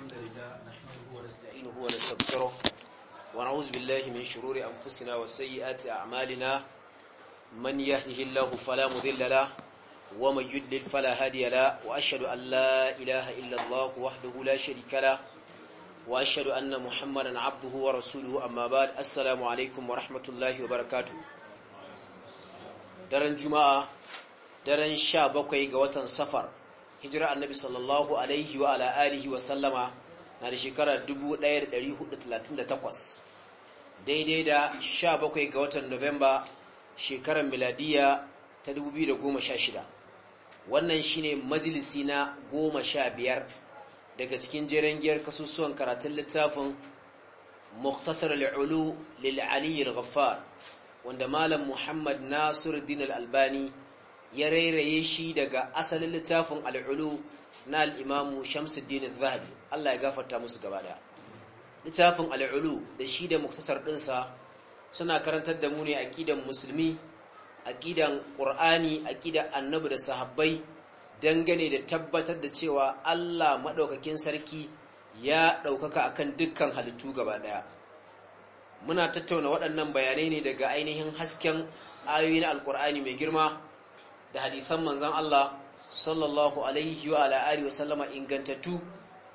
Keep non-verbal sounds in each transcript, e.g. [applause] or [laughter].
الحمد لله نحمده ونستعينه ونستغفره ونعوذ بالله من شرور أنفسنا وسيئات أعمالنا من يهده الله فلا مذل له ومن يدلل فلا هادي له وأشهد أن لا إله إلا الله وحده لا شريك له وأشهد أن محمدا عبده ورسوله أما بعد السلام عليكم ورحمة الله وبركاته daren juma'a daren sha bakwai ga watan safar hijira annabi sallallahu alaihi wa ala alihi wa sallama na da shekara 1438 daidai da 17 ga watan Novemba shekarar miladiya ta 2016 wannan shine majalisi na 15 daga cikin jeren giyar kasusuwan karatun littafin Muktasar al'ulu lil'aliyyar ghaffar wanda Malam Muhammad Nasiruddin Albani ya rairaye shi daga asalin littafin al'ulu na al'imamu shamsuddin zahabi Allah ya gafarta musu gaba littafin al'ulu da shi da muktasar ɗinsa suna karantar da mu ne aƙidan musulmi aƙidan ƙur'ani aƙidan annabi da sahabbai dangane da tabbatar da cewa Allah maɗaukakin sarki ya ɗaukaka akan dukkan halittu gaba ɗaya muna tattauna waɗannan bayanai ne daga ainihin hasken ayoyi na alƙur'ani mai girma da hadisan manzan Allah sallallahu alaihi wa ala’ari wa sallama ingantattu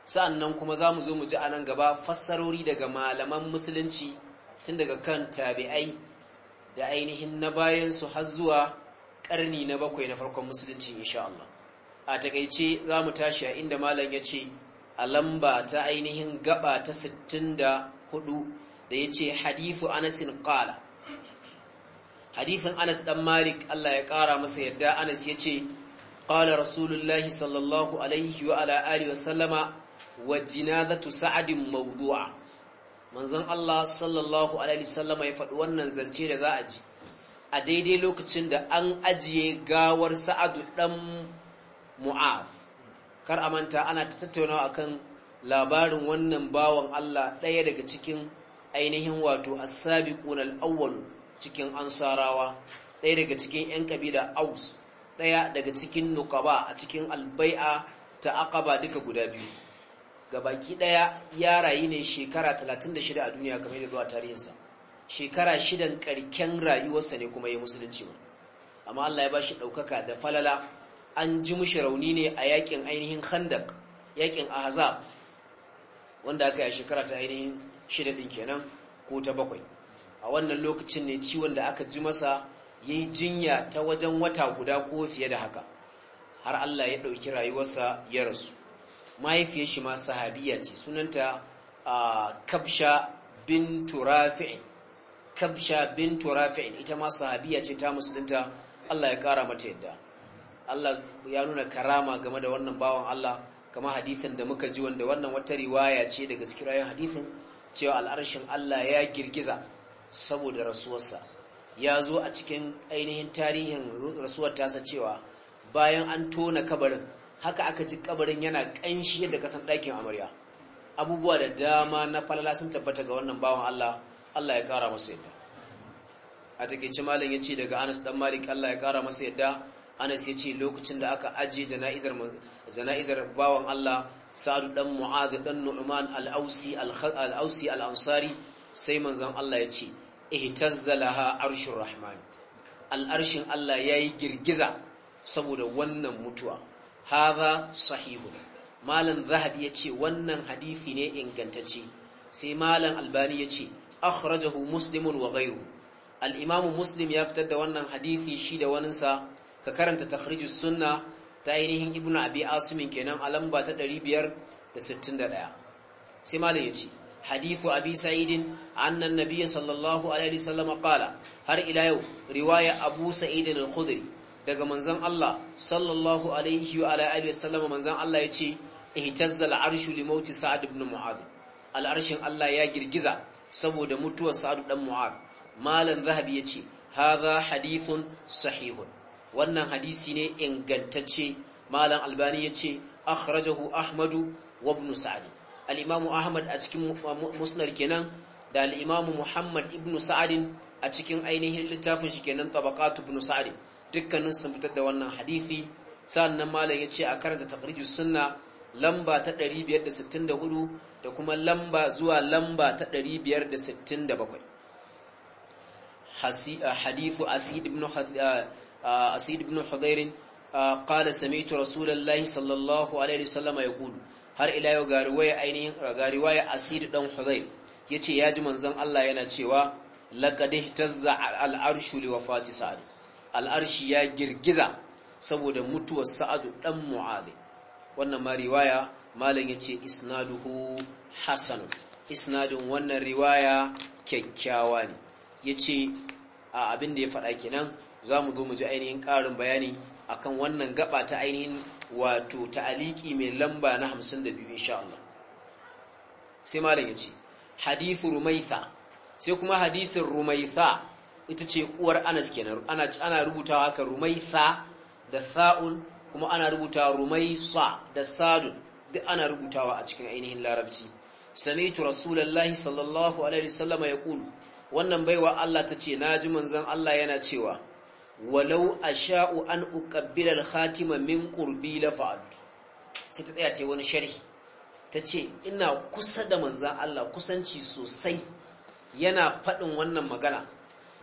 sa'annan kuma za mu zo mu ji a nan gaba fassarori daga malaman musulunci tun daga kan tabi'ai da ainihin na bayan su har zuwa ƙarni na bakwai na farkon musulunci insha Allah a takaice za mu tashi a inda malam ya ce a lamba ta ainihin gaba ta 64 da ya ce Hadifu, anasin ƙala. hadisin Anas dan Malik Allah ya kara masa yadda Anas ya ce, qala rasulullahi sallallahu alaihi wa ala alihi wa sallama wa jinazatu sa'adin mawdu'a manzon Allah sallallahu alaihi sallama ya faɗi wannan zance da za a ji a daidai lokacin da an ajiye gawar sa'adu dan mu'af kar a manta ana tattaunawa akan labarin wannan bawan Allah ɗaya daga cikin ainihin wato as-sabiqun al-awwalun cikin ansarawa ɗaya daga cikin 'yan kabila aus ɗaya daga cikin nukaba a cikin albai'a ta akaba duka guda biyu Ga baki ɗaya ya rayu ne shekara 36 a duniya kamar da zuwa tarihinsa shekara shidan ƙarken rayuwarsa ne kuma ya musulunci ba amma Allah ya ba shi ɗaukaka da falala an ji mushi rauni ne a yakin ainihin khandak yakin ahazab wanda aka yi shekara ta ainihin shida ɗin kenan ko ta bakwai a wannan lokacin ne ciwon da aka ji masa ya yi jinya ta wajen wata guda ko fiye da haka har Allah ya ɗauki rayuwarsa ya rasu mahaifiyar shi ma sahabiya ce sunanta kabsha bin turafi'in kabsha bin turafi'in ita ma sahabiya ce ta musulunta Allah ya ƙara mata yadda Allah ya nuna karama game da wannan bawan Allah kama hadithin da muka ji wanda wannan wata riwaya ce daga cikin rayuwar hadisin cewa al'arshin Allah ya girgiza saboda rasuwarsa ya zo a cikin ainihin tarihin rasuwar tasa cewa bayan an tona kabarin haka aka ji kabarin yana ƙanshi yadda kasan ɗakin amarya abubuwa da dama na falala sun tabbata ga wannan bawan Allah Allah ya kara masa yadda a takeice malam ya ce daga Anas dan Malik Allah ya kara masa yadda Anas ya ce lokacin da aka ajiye jana'izar jana'izar bawan Allah sadu dan Mu'adh dan Nu'man al'ausi ausi al-Ausi al-Ansari sai manzon Allah ya ce ihtazzalaha arshur rahman al'arshin Allah ya yi girgiza saboda wannan mutuwa haza sahihu malam zahabi ce wannan hadisi ne ingantacce sai malam albani ya ce akhrajahu muslimun wa ghayruhu al musulmin muslim ya fitar da wannan hadisi shi da waninsa ka karanta takhrijus sunna ta ainihin ibnu abi asimin kenan a lamba ta 561 sai malam yace hadithu abi sa'idin annan nabiyyi sallallahu alaihi wasallam qala har ila yau riwaya abu sa'idin al-khudri daga manzon Allah sallallahu alaihi wa alihi wasallam Allah yace ihtazza al-arshu li mauti sa'ad ibn mu'adh al'arshin Allah ya girgiza saboda mutuwar sa'ad dan mu'adh malan zahabi yace haza hadithun sahihun wannan hadisi ne ingantacce Malam albani yace akhrajahu ahmadu wabnu sa'ad. al'imamu ahmad a cikin musnar kenan da al'imamu muhammad ibn sa'adin a cikin ainihin littafin shi kenan tabakatu ibn sa'adin dukkanin sun fitar da wannan hadithi sannan malam ya ce a karanta tafarji suna lamba ta 564 da kuma lamba zuwa lamba ta 567 hadithu asid ibn قال سمعت رسول الله صلى الله عليه وسلم يقول har ila yau ga riwaya ainihin ga riwaya asir dan hudayr yace ya ji manzon Allah yana cewa laqad ihtazza al-arshu li wafati sa'd al-arshi ya girgiza saboda mutuwar sa'adu dan mu'adh wannan ma riwaya malam yace isnaduhu hasan isnadin wannan riwaya kyakkyawa ne yace abin da ya faɗa kenan za mu zo mu ji ainihin ƙarin bayani akan wannan gaba ta ainihin wato ta'aliki mai lamba na 52 insha Allah sai malam yace hadithu rumaitha sai kuma hadisin rumaitha ita ce uwar Anas kenan ana ana rubutawa haka rumaitha da sa'ul kuma ana rubutawa rumaisa da sadun duk ana rubutawa a cikin ainihin larabci sami'tu rasulullahi sallallahu alaihi wasallam yaqul wannan baiwa Allah tace naji manzon Allah yana cewa walau sha'u an khatima min ƙurbi la sai ta tsaya yi wani sharhi ta ce ina kusa da manzan Allah kusanci sosai yana faɗin wannan magana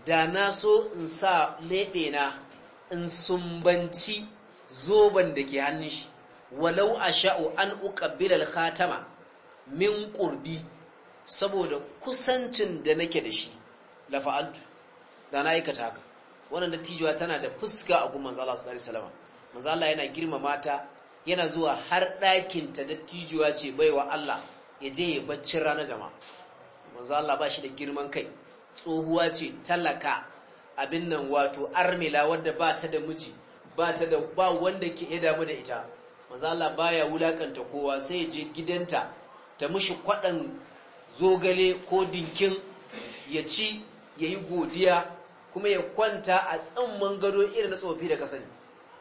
da na so in sa lebe na in sumbanci zoben da ke hannun shi walau asha'u an uqabbila al min ƙurbi saboda kusancin da nake da shi la fa'altu da na aikata haka wannan dattijowa tana da fuska a gun Zala su ɗari salama. manzala yana girmamata mata yana zuwa har ɗakin ta ce baiwa Allah ya je ya bacci rana jama. manzala ba shi da girman kai tsohuwa ce talaka abin nan wato armila wadda ba ta da miji ba ta da ba wanda ke ya damu da ita manzala ba baya wulakanta kowa sai ya je gidanta ta mushi kwadan zogale ko dinkin ya ci ya yi godiya kuma ya kwanta a tsamman gado irin na tsofi da kasani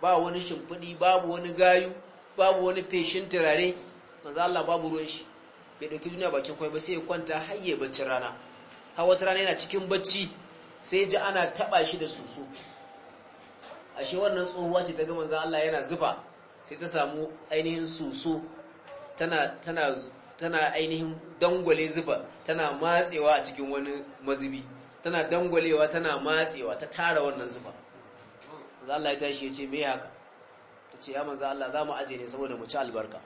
ba wani shimfiɗi babu wani gayu babu wani feshin turare manzo Allah babu ruwan shi bai dauki duniya bakin kwai ba sai ya kwanta har ya bacci rana har wata rana yana cikin bacci sai ji ana taba shi da susu ashe wannan tsohuwa ce ta ga manzo Allah yana zufa sai ta samu ainihin susu tana tana tana ainihin dangwale zufa tana matsewa a cikin wani mazubi tana dangwalewa tana matsewa ta tara wannan zuba. za Allah ya tashi ya ce mai haka ta ce ya Maza Allah za mu aje ne saboda mu ci albarka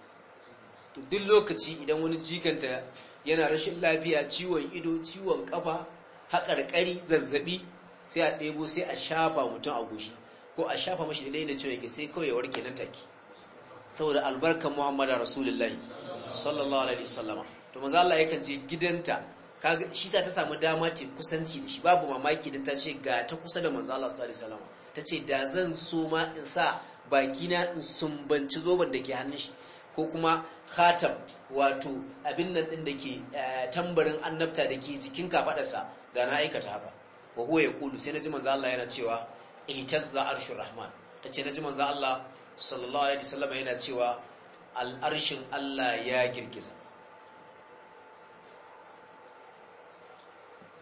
duk lokaci idan wani jikanta yana rashin lafiya ciwon ido ciwon kafa haƙarƙari zazzabi sai a ɗebo sai a shafa mutum a gushi ko a shafa mashi da laina ciwon yake sai kawai ya warke nan take saboda albarkan Muhammadu Rasulullahi sallallahu alaihi wasallama to Maza Allah yakan je gidanta kaga shi ta samu dama ta kusanci da shi babu mamaki dan ta ce ga ta kusa da manzo Allah sallallahu alaihi wasallam ta ce da zan so ma in sa bakina in sumbanci zoban da ke hannun shi ko kuma khatam wato abin nan din da ke eh, tambarin annabta da ke jikin kafadarsa ga na aikata haka wa huwa yaqulu sai naji manzo Allah yana cewa itazza arshur rahman Ta ce naji manzo Allah sallallahu alaihi wasallam yana cewa al'arshin Allah ya girgiza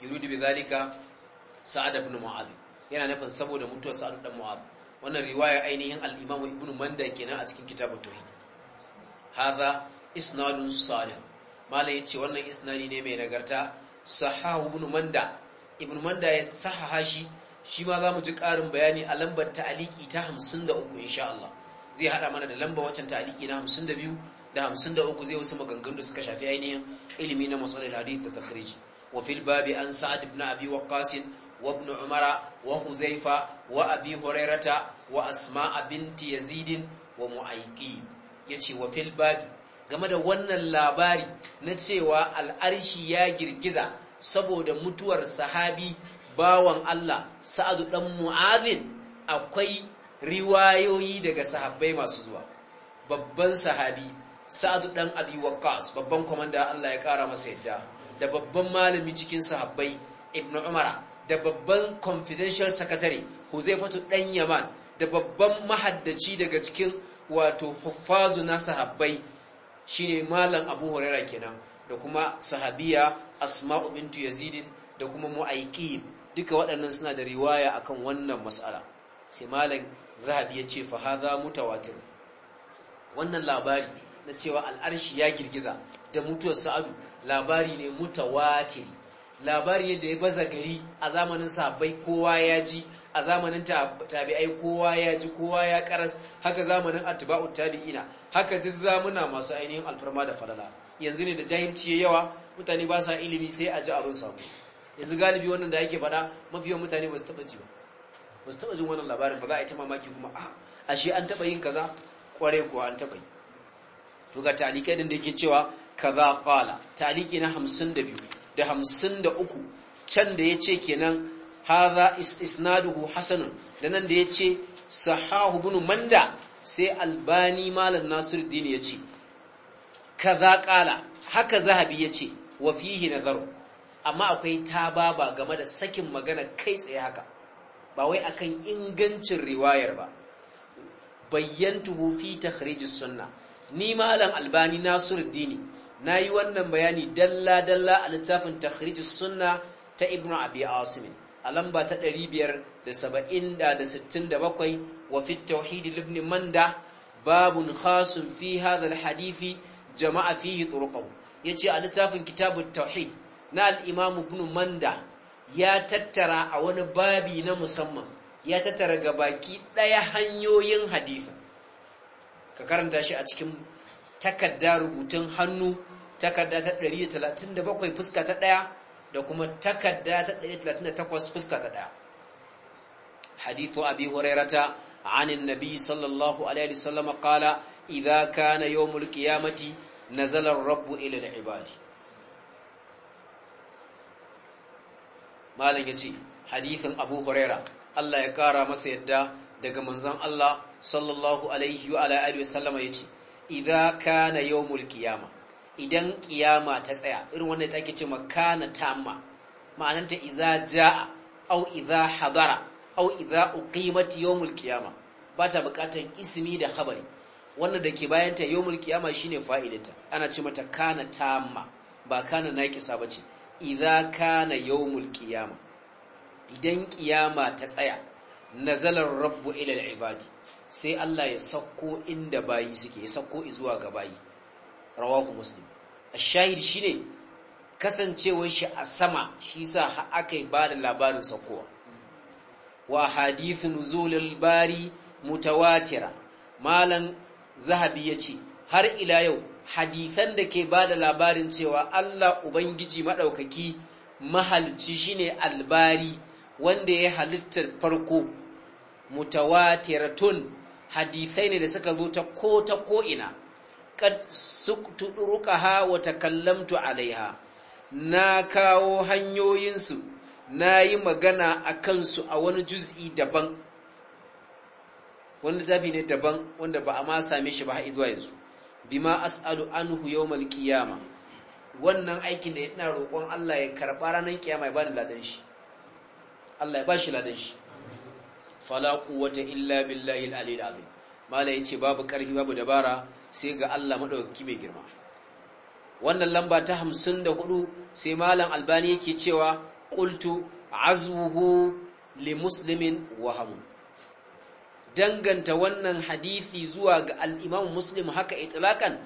yuridu bi zalika sa'ad ibn mu'adh yana nufin saboda mutuwar sa'ad dan mu'adh wannan riwaya ainihin al-imam ibn manda kenan a cikin kitabut tauhid hadha isnadun salih malai yace wannan isnadi ne mai nagarta sahahu ibn manda ibn manda ya sahaha shi shi ma za mu ji ƙarin bayani a lambar ta'aliki ta 53 insha Allah zai hada mana da lambar waccan ta'aliki na 52 da 53 zai wasu maganganu da suka shafi ainihin ilimi na masalar hadith da takhriji وفي الباب عن سعد بن أبي وقاس وابن عمر وخزيفة وأبي هريرة وأسماء بنت يزيد ومعيقين يتي وفي الباب game da wannan labari na cewa al'arshi ya girgiza saboda mutuwar sahabi bawan Allah sa'adu ɗan mu'adhin akwai riwayoyi daga sahabbai masu zuwa babban sahabi sa'adu ɗan abi waqqas babban kwamanda Allah ya ƙara masa yadda da babban malami cikin sahabbai ibnu umara da babban confidential secretary huzaifatu dan yaman da babban mahaddaci daga cikin wato huffazu na sahabbai shine malam abu huraira kenan da kuma sahabiya asma'u bintu yazidin da kuma mu'aiqib duka waɗannan suna da riwaya akan wannan mas'ala sai malam zahabi ya ce fa hadha mutawatir wannan labari na cewa al'arshi ya girgiza da mutuwar sa'adu labari ne mutawatir labari ne da ya baza gari a zamanin sabai kowa ya ji a zamanin tabi'ai kowa ya ji kowa ya karas haka zamanin atba'u tabi'ina haka duk zamuna masu ainihin alfarma da falala yanzu ne da jahilci ya yawa mutane ba sa ilimi sai a ji abin samu yanzu galibi wannan da yake faɗa yawan mutane ba su taɓa ji ba ba su taɓa jin wannan labarin ba za a yi ta mamaki kuma a ah, ashe an taɓa yin kaza kware kuwa an taɓa yi to ga talikai din da yake cewa kaza kala taliki na 52 da 53 can da ya yace kenan haza isnaduhu hasanun da nan da ya ce sahahu ibn manda sai albani malam nasiruddin ce. kaza kala haka zahabi yace wa fihi nazaru amma akwai tababa game da sakin magana kai tsaye haka ba wai akan ingancin riwayar ba bayyantuhu fi takhrijis sunna ni malam albani nasiruddin na yi wannan bayani dalla-dalla a littafin takhrijus sunna ta ibn abi asimin a lamba ta 577 wa fi tauhid ibn manda babun khasun fi hadha hadithi jama'a fihi Ya yace a littafin kitabun tauhid na al-imam ibn manda ya tattara a wani babi na musamman ya tattara ga baki ɗaya hanyoyin hadisi ka karanta shi a cikin takarda rubutun hannu takarda ta 137 fuska ta ɗaya da kuma takarda ta 138 fuska ta ɗaya hadithu abi hurairata عن النبي صلى الله عليه وسلم قال إذا كان يوم القيامة نزل الرب إلى العباد malam ya ce hadithin abu huraira allah ya kara masa yadda daga manzan allah sallallahu alaihi wa alaihi wa sallama ya ce idha idan kiyama ta tsaya irin wanda ta ce makana tamma ma'ananta iza ja'a au iza hadara au iza uqimat yawmul qiyama ba ta bukatan ismi da habari wannan da ke bayan ta yawmul qiyama shine fa'idata ana ce mata kana tamma ba kana naqisa bace iza kana yawmul qiyama idan kiyama ta tsaya nazalar rabbu ila al-ibadi sai Allah ya sauko inda bayi suke ya sauko zuwa ga bayi rawaku muslim shahid shine kasancewar shi a sama shi yasa har aka yi bada labarin sakowa wa hadith nuzul al-bari mutawatira malan zahabi ce har ila yau hadisan da ke bada labarin cewa Allah ubangiji madaukaki mahalci shine albari wanda ya halittar farko tun hadisai ne da suka zo ta ko ta ko ina kad sukturukaha wa takallamtu alaiha na kawo hanyoyinsu na yi magana a kansu a wani juz'i daban ta fi ne daban wanda ba a ma same shi ba zuwa yanzu bima as'alu anhu yawmal qiyama wannan aikin da ina roƙon Allah ya karɓa ranar kiyama ya ni ladan shi Allah ya shi ladan shi falaku wata illa billahi al-ali al-azim mala yace babu karfi babu dabara sai ga Allah maɗauki mai girma wannan lamba ta hamsin da hudu sai malam albani yake cewa ƙultu azuhu li muslimin wahamun danganta wannan hadithi zuwa ga al'imamu muslim haka itilakan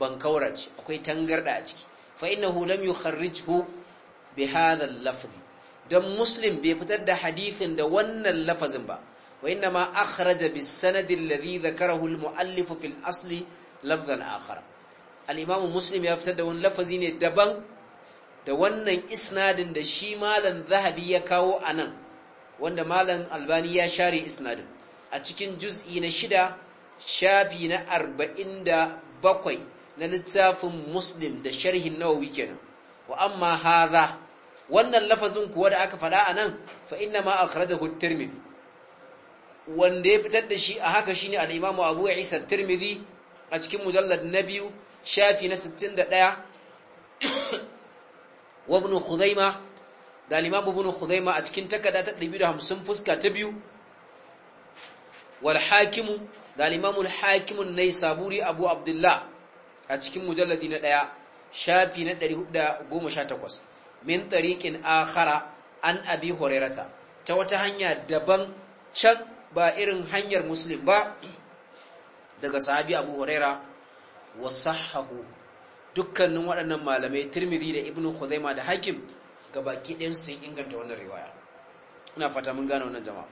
ban kaurace akwai tangarda a ciki fa'ina lam yi kharrijhu bi hadhal lafzi don muslim bai fitar da hadithin da wannan lafazin ba wa inna ma akhraja bi sanadin ladhi dhakarahu al mu'allif fil asli lafzan akhar al-imam muslim ya fitar da wani lafazi ne daban da wannan isnadin da shi malam zahabi ya kawo anan wanda malam albani ya share isnadin a cikin juz'i na shida shafi na arba'in da bakwai na littafin muslim da sharhin nawawi kenan wa amma hadha wannan lafazin kuwa da aka faɗa anan fa inna ma akhrajahu tirmidhi wanda ya fitar da shi a haka shine al-imamu abu isa at-tirmidhi a cikin mujallar na biyu shafi na 61 wa ibn khuzaima da limam ibn khuzaima a cikin takarda ta 250 fuska ta biyu wal hakimu da limam al hakimu saburi abu abdullah a cikin mujalladi na daya shafi na 418 min tariqin akhara an abi hurairata ta wata hanya daban can ba irin hanyar muslim ba daga sahabi abu huraira wa sahahu dukkanin waɗannan malamai tirmidhi da ibnu khuzaima da hakim gabaki ɗin sun inganta wannan riwaya ina fata mun gane wannan jama'a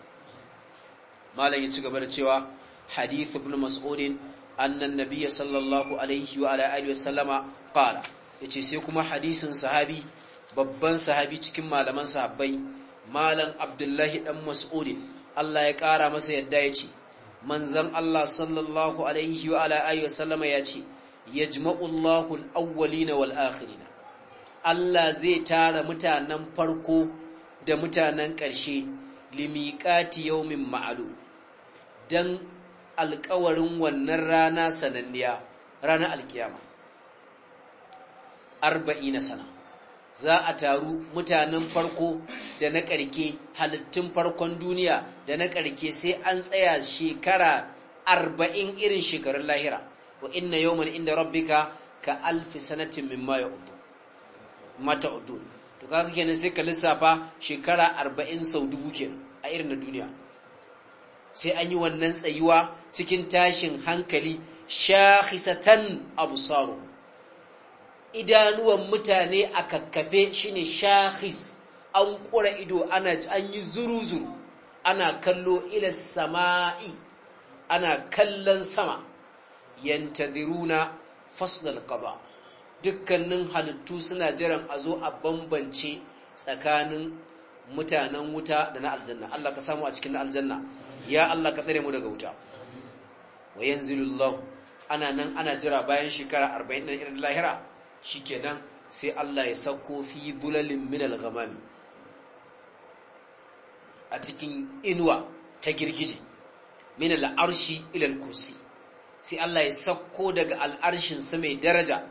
malam ya ci gaba da cewa hadith ibn mas'ud annan nabiy sallallahu alaihi wa ala alihi wasallama qala yace sai kuma hadisin sahabi babban sahabi cikin malaman sahabbai malam abdullahi dan mas'ud Allah ya kara masa yadda yace manzan Allah sallallahu alaihi wa ala wa sallama ya ce yajma'u Allahu al-awwalina wal akhirina Allah zai tara mutanen farko da mutanen ƙarshe yau min ma'alu dan alkawarin wannan rana sananniya ranar alkiyama arba'ina sana za a taru mutanen farko da na ƙarke halittun farkon duniya da na ƙarke sai an tsaya shekara arba'in irin shekarun lahira wa inna yawman inda rabbika ka alfi sanatin mimma ya udu mata udu to kaga kenan sai ka lissafa shekara arba'in sau dubu kenan a irin na duniya sai an yi wannan tsayuwa cikin tashin hankali shakhisatan absaru idanuwan mutane a kakkafe shine shahis an ƙura ido ana an yi zuru-zuru ana kallo ila sama'i ana kallon sama yantaziruna fasdal qada dukkanin halittu suna jiran a zo a bambance tsakanin mutanen wuta da na aljanna Allah ka samu a cikin na aljanna ya Allah ka tsare mu daga wuta wa yanzilullahu ana nan ana jira bayan shekara 40 din lahira kenan sai Allah ya sako fi dulalin minal ghamami a cikin inuwa ta girgije minal arshi ilal kursi sai Allah ya sako daga al'arshin sa mai daraja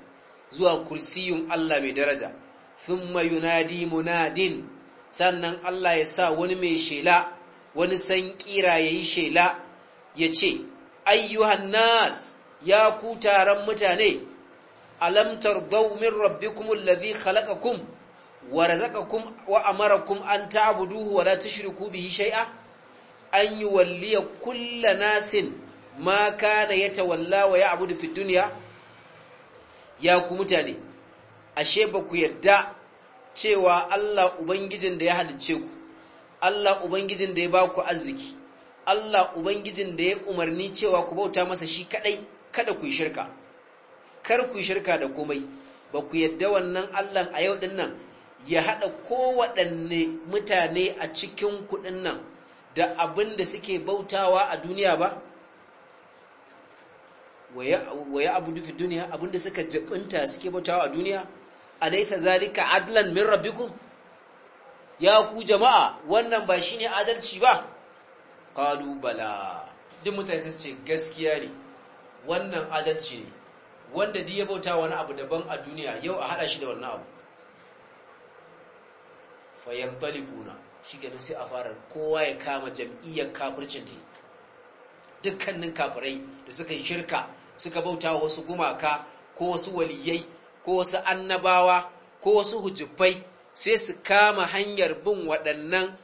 zuwa kursiyun Allah mai daraja thumma yunadi munadin sannan Allah ya sa wani mai shela wani san kira yayi shela ya ce ayyuhan nas ya ku taron mutane alam tardau min rabbikum alladhi khalaqakum wa razaqakum wa amarakum an ta'buduhu wa la tushriku bihi shay'a an yuwalliya kulla nasin ma kana yatawalla wa ya'budu fi dunya ya ku mutane ashe ba ku yadda cewa Allah ubangijin da ya halicce ku Allah ubangijin da ya ba ku arziki Allah ubangijin da ya umarni cewa ku bauta masa shi kadai kada ku yi shirka kar ku shirka da komai ba ku yadda wannan allah a yau din nan ya haɗa kowaɗanne mutane a cikin kuɗin nan da abin da suke bautawa a duniya ba waya abu dufi duniya abin da suka jibinta suke bautawa a duniya A ta zalika adlan min rabbikum ya ku jama'a wannan ba shi ne adalci ba Ƙalubala. bala duk mutane su ce gaskiya ne wannan adalci ne wanda di ya bauta wani abu daban a duniya yau a haɗa shi da wannan abu fayan talikuna shi ke sai a fara kowa ya kama jam'iyyar kafircin da dukkanin kafirai da suka yi shirka suka bauta wasu gumaka ko wasu waliyai ko wasu annabawa ko wasu hujjubai sai su kama hanyar bin waɗannan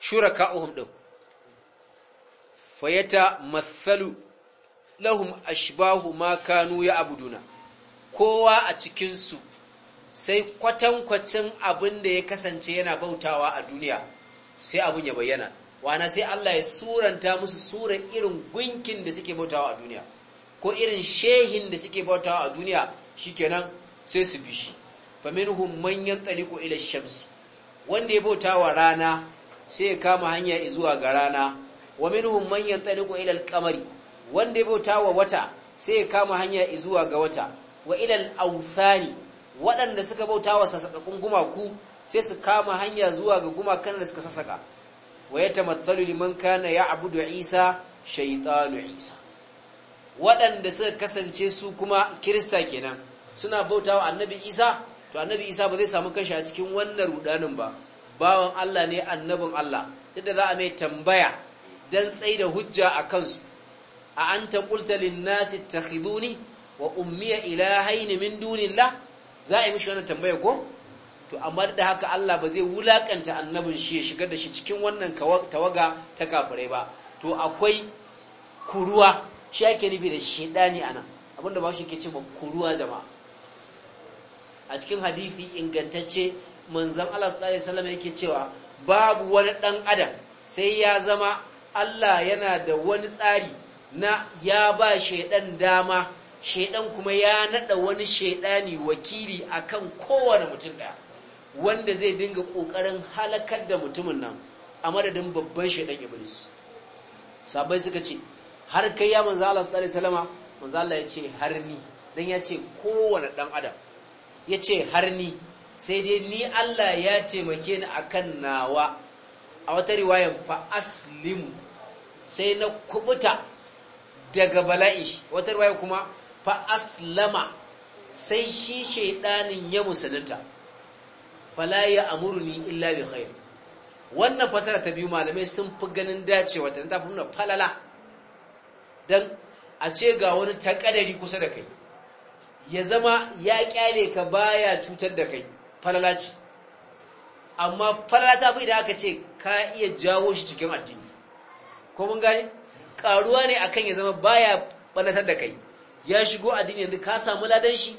shuraka uhum ɗin fayata mathalu lahum ashbahu ma kanu ya abuduna kowa a cikinsu sai kwatankwacin abin da ya kasance yana bautawa a duniya sai abin ya bayyana wana sai Allah ya suranta musu sura irin gunkin da suke bautawa a duniya ko irin shehin da suke bautawa a duniya shikenan sai su bi shi fa minhum man yantaliqu ila shamsi wanda ya bautawa rana sai ya kama hanya zuwa ga rana wa minhum man yantaliqu ila al-qamari wanda ya bauta wa wata sai ya kama hanya zuwa ga wata wa ilal authani waɗanda suka bauta wa sassaƙaƙun gumaku sai su kama hanya zuwa ga gumakan da suka sassaƙa wa ya tamathalu liman kana ya abudu isa shaitanu isa waɗanda suka kasance su kuma kirista kenan suna bauta wa annabi isa to annabi isa ba zai samu kanshi a cikin wannan rudanin ba bawan allah ne annabin allah duk da za a mai tambaya don tsaida hujja a kansu a an ta ƙulta linnasi ta wa ummiya ilahaini min dunillah za a yi mishi wannan tambaya ko to amma da haka Allah ba zai wulakanta annabin shi ya shigar da shi cikin wannan tawaga ta kafirai ba to akwai kuruwa shi ake nufi da shedani anan abinda ba shi ke ce kuruwa jama'a a cikin hadisi ingantacce manzon Allah sallallahu alaihi wasallam yake cewa babu wani ɗan adam sai ya zama Allah yana da wani tsari na ya ba shaidan dama shaidan kuma ya nada wani shaidani wakili akan kowane mutum daya wanda zai dinga kokarin halakar da mutumin nan a madadin babban shaidan iblis sabai suka ce har kai ya manzo Allah sallallahu alaihi wasallama manzo Allah ya ce har ni dan ya ce kowane dan adam ya ce har ni sai dai ni Allah ya taimake ni akan nawa a wata riwayan fa aslimu sai na kubuta daga bala'i wata ruwaya kuma fa aslama sai shi shaidanin ya musulunta fala ya amurni illa bi khair wannan fasara ta biyu malamai sun fi ganin dacewa ta tafi nuna falala dan a ce ga wani takadari kusa da kai ya zama ya kyale ka baya cutar da kai falala ce amma falala ta fi da aka ce ka iya jawo shi cikin addini ko mun gani karuwa ne akan ya zama baya banatar da kai ya shigo addini yanzu ka samu ladan shi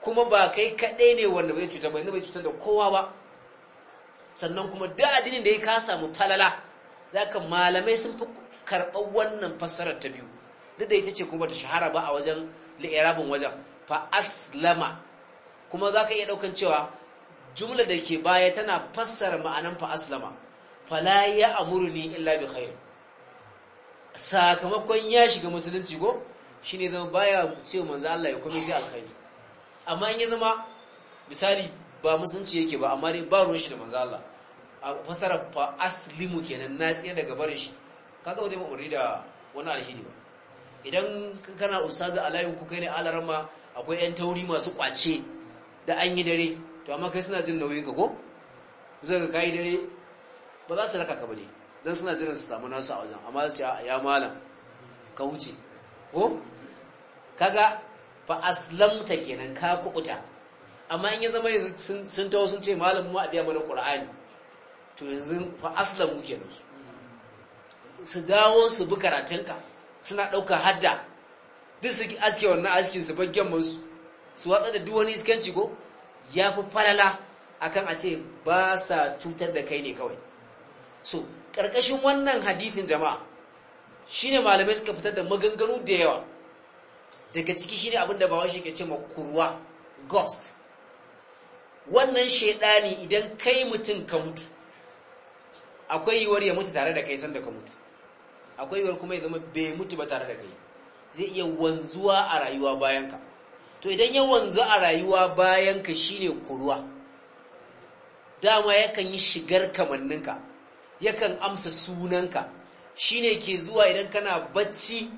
kuma ba kai kadai ne wanda bai cutar ba yanzu bai cutar da kowa ba sannan kuma duk addinin da ya ka samu falala zaka malamai sun fi karɓar wannan fassarar ta biyu duk da ita ce kuma ta shahara ba a wajen li'irabin wajen fa aslama kuma zaka iya ɗaukan cewa jumla da ke baya tana fassara ma'anan fa aslama fala ya ni illa bi khair sakamakon ya shiga musulunci ko ne zama baya ce manzan Allah ya komai sai alkhairi amma in ya zama misali ba musulunci yake ba amma ne ba ruwan shi da manzan Allah a fasara fa aslimu kenan na tsaye daga barin shi kaga ba zai da wani alheri ba idan kana ustazi a layin kai ne alarama akwai yan tauri masu kwace da an yi dare to amma kai suna jin nauyin ka ko ka yi dare ba za su raka ka ba ne don suna jiran su samu nasu a wajen amma su ya malam ka wuce ko kaga fa aslamta kenan ka kubuta amma in ya zama yanzu sun tawo sun ce malam mu a biya mana qur'ani to yanzu fa aslamu kenan su su dawo su bi karatunka suna ɗauka hadda duk su aske wannan askin su baggen musu su watsa da duk wani iskanci ko ya fi falala akan a ce ba sa cutar da kai ne kawai so ƙarƙashin wannan hadithin jama'a shi ne malamai suka fitar da maganganu da yawa daga ciki ne abin da bawa shi ke ce kurwa ghost wannan shaidani idan kai mutum ka mutu akwai yiwuwar ya mutu tare da kai sanda ka mutu akwai yiwuwar kuma ya zama bai mutu ba tare da kai zai iya wanzuwa a rayuwa bayan ka to idan ya wanzu a rayuwa bayan ka ne kurwa dama yakan yi shigar kamanninka yakan amsa sunanka shine ke zuwa idan kana bacci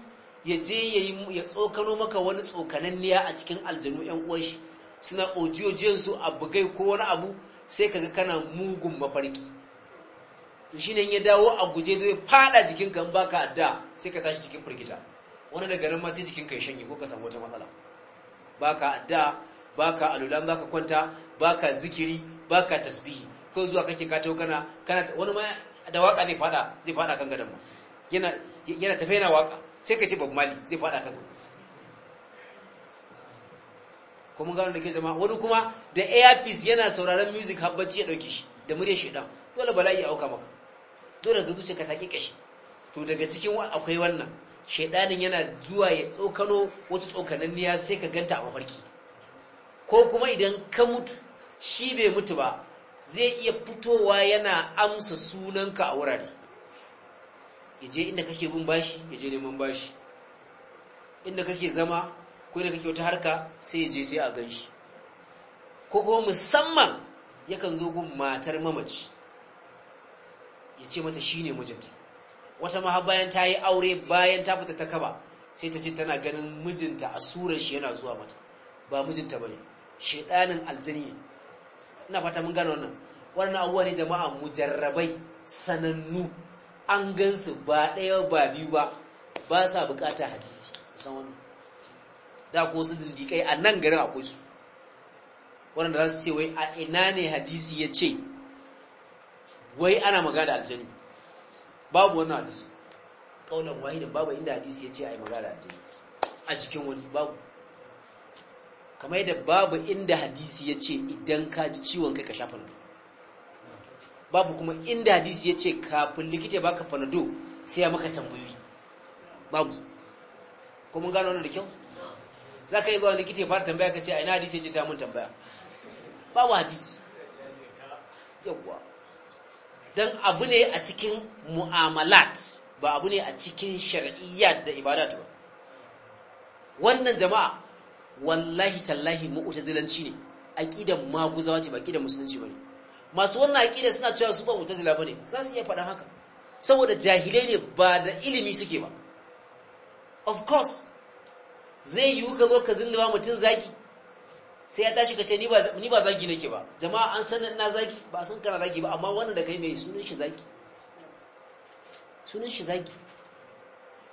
ya je ya tsokano maka wani tsokananniya a cikin aljanu yan uwanshi suna ojiyojiyan a bugai ko wani abu sai kaga kana mugun mafarki to shine ya dawo a guje zai fada jikinka in baka adda sai ka tashi cikin firgita wani daga nan ma sai jikin kai shanye ko ka samu wata matsala baka adda baka alulan baka kwanta baka zikiri baka tasbihi ko zuwa kake ka tawo kana kana wani ma da waka ne fada zai fada kan gadan ma yana yana tafe yana waka sai ka ce Babu Mali. zai fada kan ko mun gano da ke jama'a wani kuma da earpiece yana sauraron music har bacci ya dauke shi da muryar dan dole bala'i ya auka maka dole ga zuciyarka ta ki kashi to daga cikin akwai wannan shedanin yana zuwa ya tsokano wata tsokananniya sai ka ganta a mafarki ko kuma idan ka mutu shi bai mutu ba zai iya fitowa yana amsa sunanka a wurare ya je inda kake bin bashi ya je neman bashi inda kake zama ko inda kake wata harka sai ya je sai a gan shi ko kuma musamman yakan zo gun matar mamaci ya ce mata shi ne mijinta wata maha bayan ta yi aure bayan ta fita ta kaba sai ta ce tana ganin mijinta a surashi shi yana zuwa mata ba mijinta ba ne shaidanin Aljaniya. na fata mun gano wannan wannan abuwa ne jama'a mujarrabai sanannu an gansu ba ɗaya ba biyu ba ba sa bukata hadisi kusan wani da ko su zindikai a nan garin akwai su waɗanda za su ce wai a ina ne hadisi ya ce wai ana magana aljani babu wannan hadisi kaulan wahidin babu inda hadisi ya ce a yi magana aljani a cikin wani babu kamar yadda babu inda hadisi ya ce idan ka ji ciwon kai ka sha fanado babu kuma inda hadisi ya ce kafin likita baka fanado sai ya maka tambayoyi babu kuma gano wannan da kyau za ka yi gawa likita ya fara tambaya ka ce a ina hadisi ya ce sai mun tambaya babu hadisi yawwa don abu ne a cikin mu'amalat ba abu ne a cikin shari'iyyat da ibadat ba wannan jama'a wallahi tallahi mu'tazilanci ne aqidan maguzawa ce ba aqidan musulunci bane masu wannan aqida suna cewa su ba mu'tazila bane za su iya faɗa haka saboda jahilai ne ba da ilimi suke ba of course zai yiwu ka zo ka zinduma mutun zaki sai ya tashi ka ce ni ba zagi nake ba jama'a an sanar ina zagi ba san kana zagi ba amma wannan da kai mai sunan shi zagi sunan shi zagi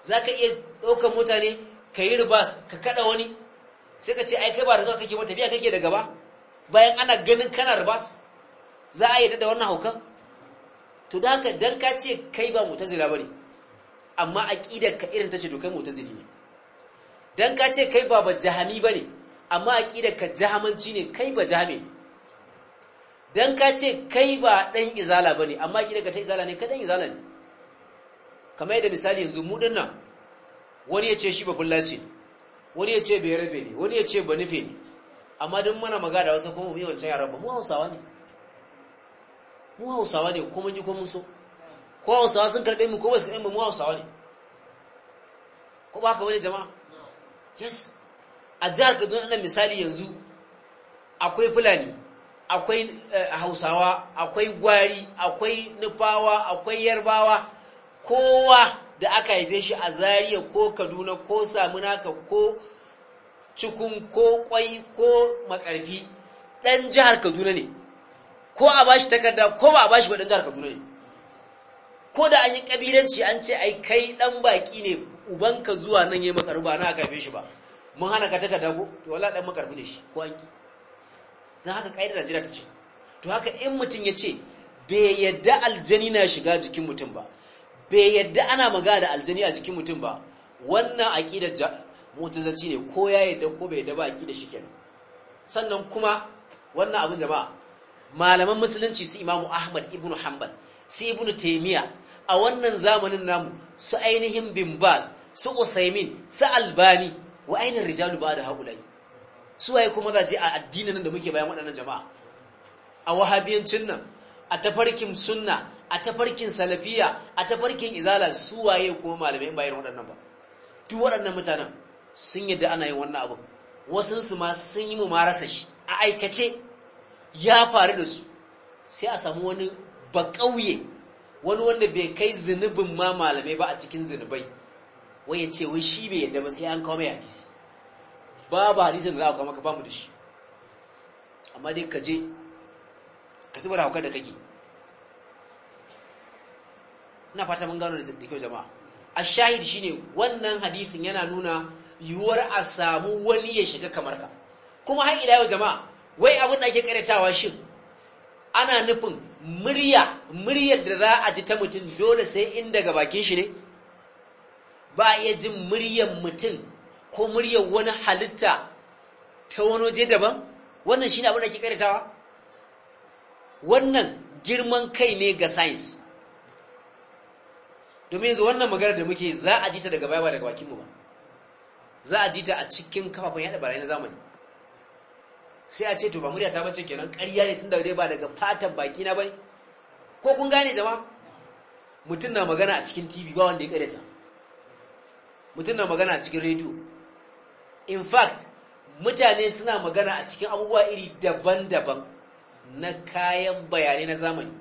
za ka iya ɗaukar mutane ka yi ribas ka kada wani sai ka ce ai kai ba zuwa kake ba tafiya kake da gaba bayan ana ganin kana ribas za a yi da wannan haukan to da haka dan ka ce kai ba mutazila bane amma aqidar ka irin tace to kai mutazili ne dan ka ce kai ba bajahami bane amma aqidar ka jahamanci ne kai ba jahami dan ka ce kai ba dan izala bane amma aqidar ka ta izala ne ka dan izala ne kamar yadda misali yanzu mu dinnan wani ya ce shi babullaci ne wani ya ce bai rabe ne wani ya ce ba nufe ne amma duk mana magada wasu kuma mu yi wancan yaran ba mu hausawa ne mu hausawa ne ko mun ji ko mun so ko hausawa sun karɓe mu ko ba su karɓe mu hausawa ne ko ba ka wani jama'a yes a jihar kaduna nan misali yanzu akwai fulani akwai eh, hausawa akwai gwari akwai nufawa akwai yarbawa kowa da aka haife shi a zariya ko kaduna ko ka ko cikin ko kwai ko makarfi ɗan jihar kaduna ne ko a bashi takarda ko ba a bashi ba ɗan jihar kaduna ne ko da an yi ƙabilanci an ce ai kai ɗan baƙi ne ubanka zuwa nan ya makaru ba na aka haife shi ba mun hana ka takarda ko to wala ɗan makarfi ne shi ko an ki don haka ƙa'idar najeriya ta ce to haka in mutum ya ce bai yadda aljani na shiga jikin mutum ba bai yadda ana magana da aljani a jikin mutum ba wannan aqidar mutazanci ne ko ya yadda ko bai yadda ba aqidar shi kenan sannan kuma wannan abin jama'a malaman musulunci su Imam Ahmad ibn Hanbal su Ibn Taimiyya, a wannan zamanin namu su ainihin bin su Uthaymin su Albani wa ainihin rijalu ba da haƙulai su waye kuma za a addinin da muke bayan waɗannan jama'a a wahabiyancin nan a tafarkin sunna a tafarkin salafiya a tafarkin izala su waye ko malamai in ba irin waɗannan ba duk waɗannan mutanen sun yadda ana yin wannan abu wasu su ma sun yi mu marasa shi a aikace ya faru da su sai a samu wani bakauye wani wanda bai kai zunubin ma malamai ba a cikin zunubai wai ya ce wai shi bai yadda ba sai an kawo mai hadisi babu hadisin da za a kawo maka bamu da shi amma dai ka je ka saboda haukar da kake ina fata mun gano da kyau jama'a ashahid shine wannan hadisin yana nuna yiwuwar a samu wani ya shiga kamar ka kuma har ila yau jama'a wai abin da ake karatawa shin ana nufin murya muryar da za a ji ta mutum dole sai in daga bakin shi ne ba iya jin muryar mutum ko muryar wani halitta ta wani waje daban wannan shine abin da ake karatawa wannan girman kai ne ga science domin yanzu wannan maganar da muke za a ji ta daga baya ba daga bakinmu ba za a ji ta a cikin kafafen yada barai na zamani sai a ce to ba murya ta bace kenan ƙarya ne tun da dai ba daga fatan baki na bane ko kun gane jama'a mutum na magana a cikin TV ba wanda ya ƙaryata mutum na magana a cikin radio in fact mutane suna magana a cikin abubuwa iri daban-daban na kayan bayanai na zamani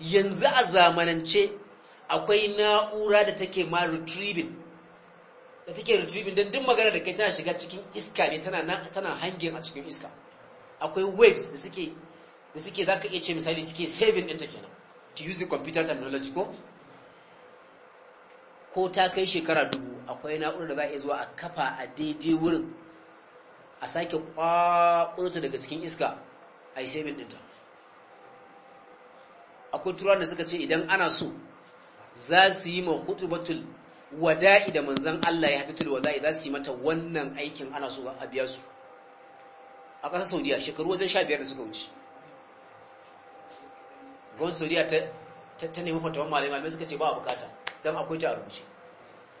yanzu a zamanance akwai na'ura da take ma retrieving da take retrieving don duk magana da kai tana shiga cikin iska ne tana hangin a cikin iska akwai waves da suke da suke za ka iya ce misali suke saving ɗinta kenan to use the computer terminology ko ko ta kai shekara dubu akwai na'ura da za a zuwa a kafa a daidai wurin a sake kwakwunta daga cikin iska a yi saving ɗinta akwai turuwan da suka ce idan ana so za su yi ma wada'i da manzan Allah ya hatatul wada'i za su yi mata wannan aikin ana so a biya su a ƙasar saudiya shekaru wajen sha biyar da suka wuce gwan saudiya ta nemi fatawan malamai malamai suka ce ba a bukata don akwai ta a rubuce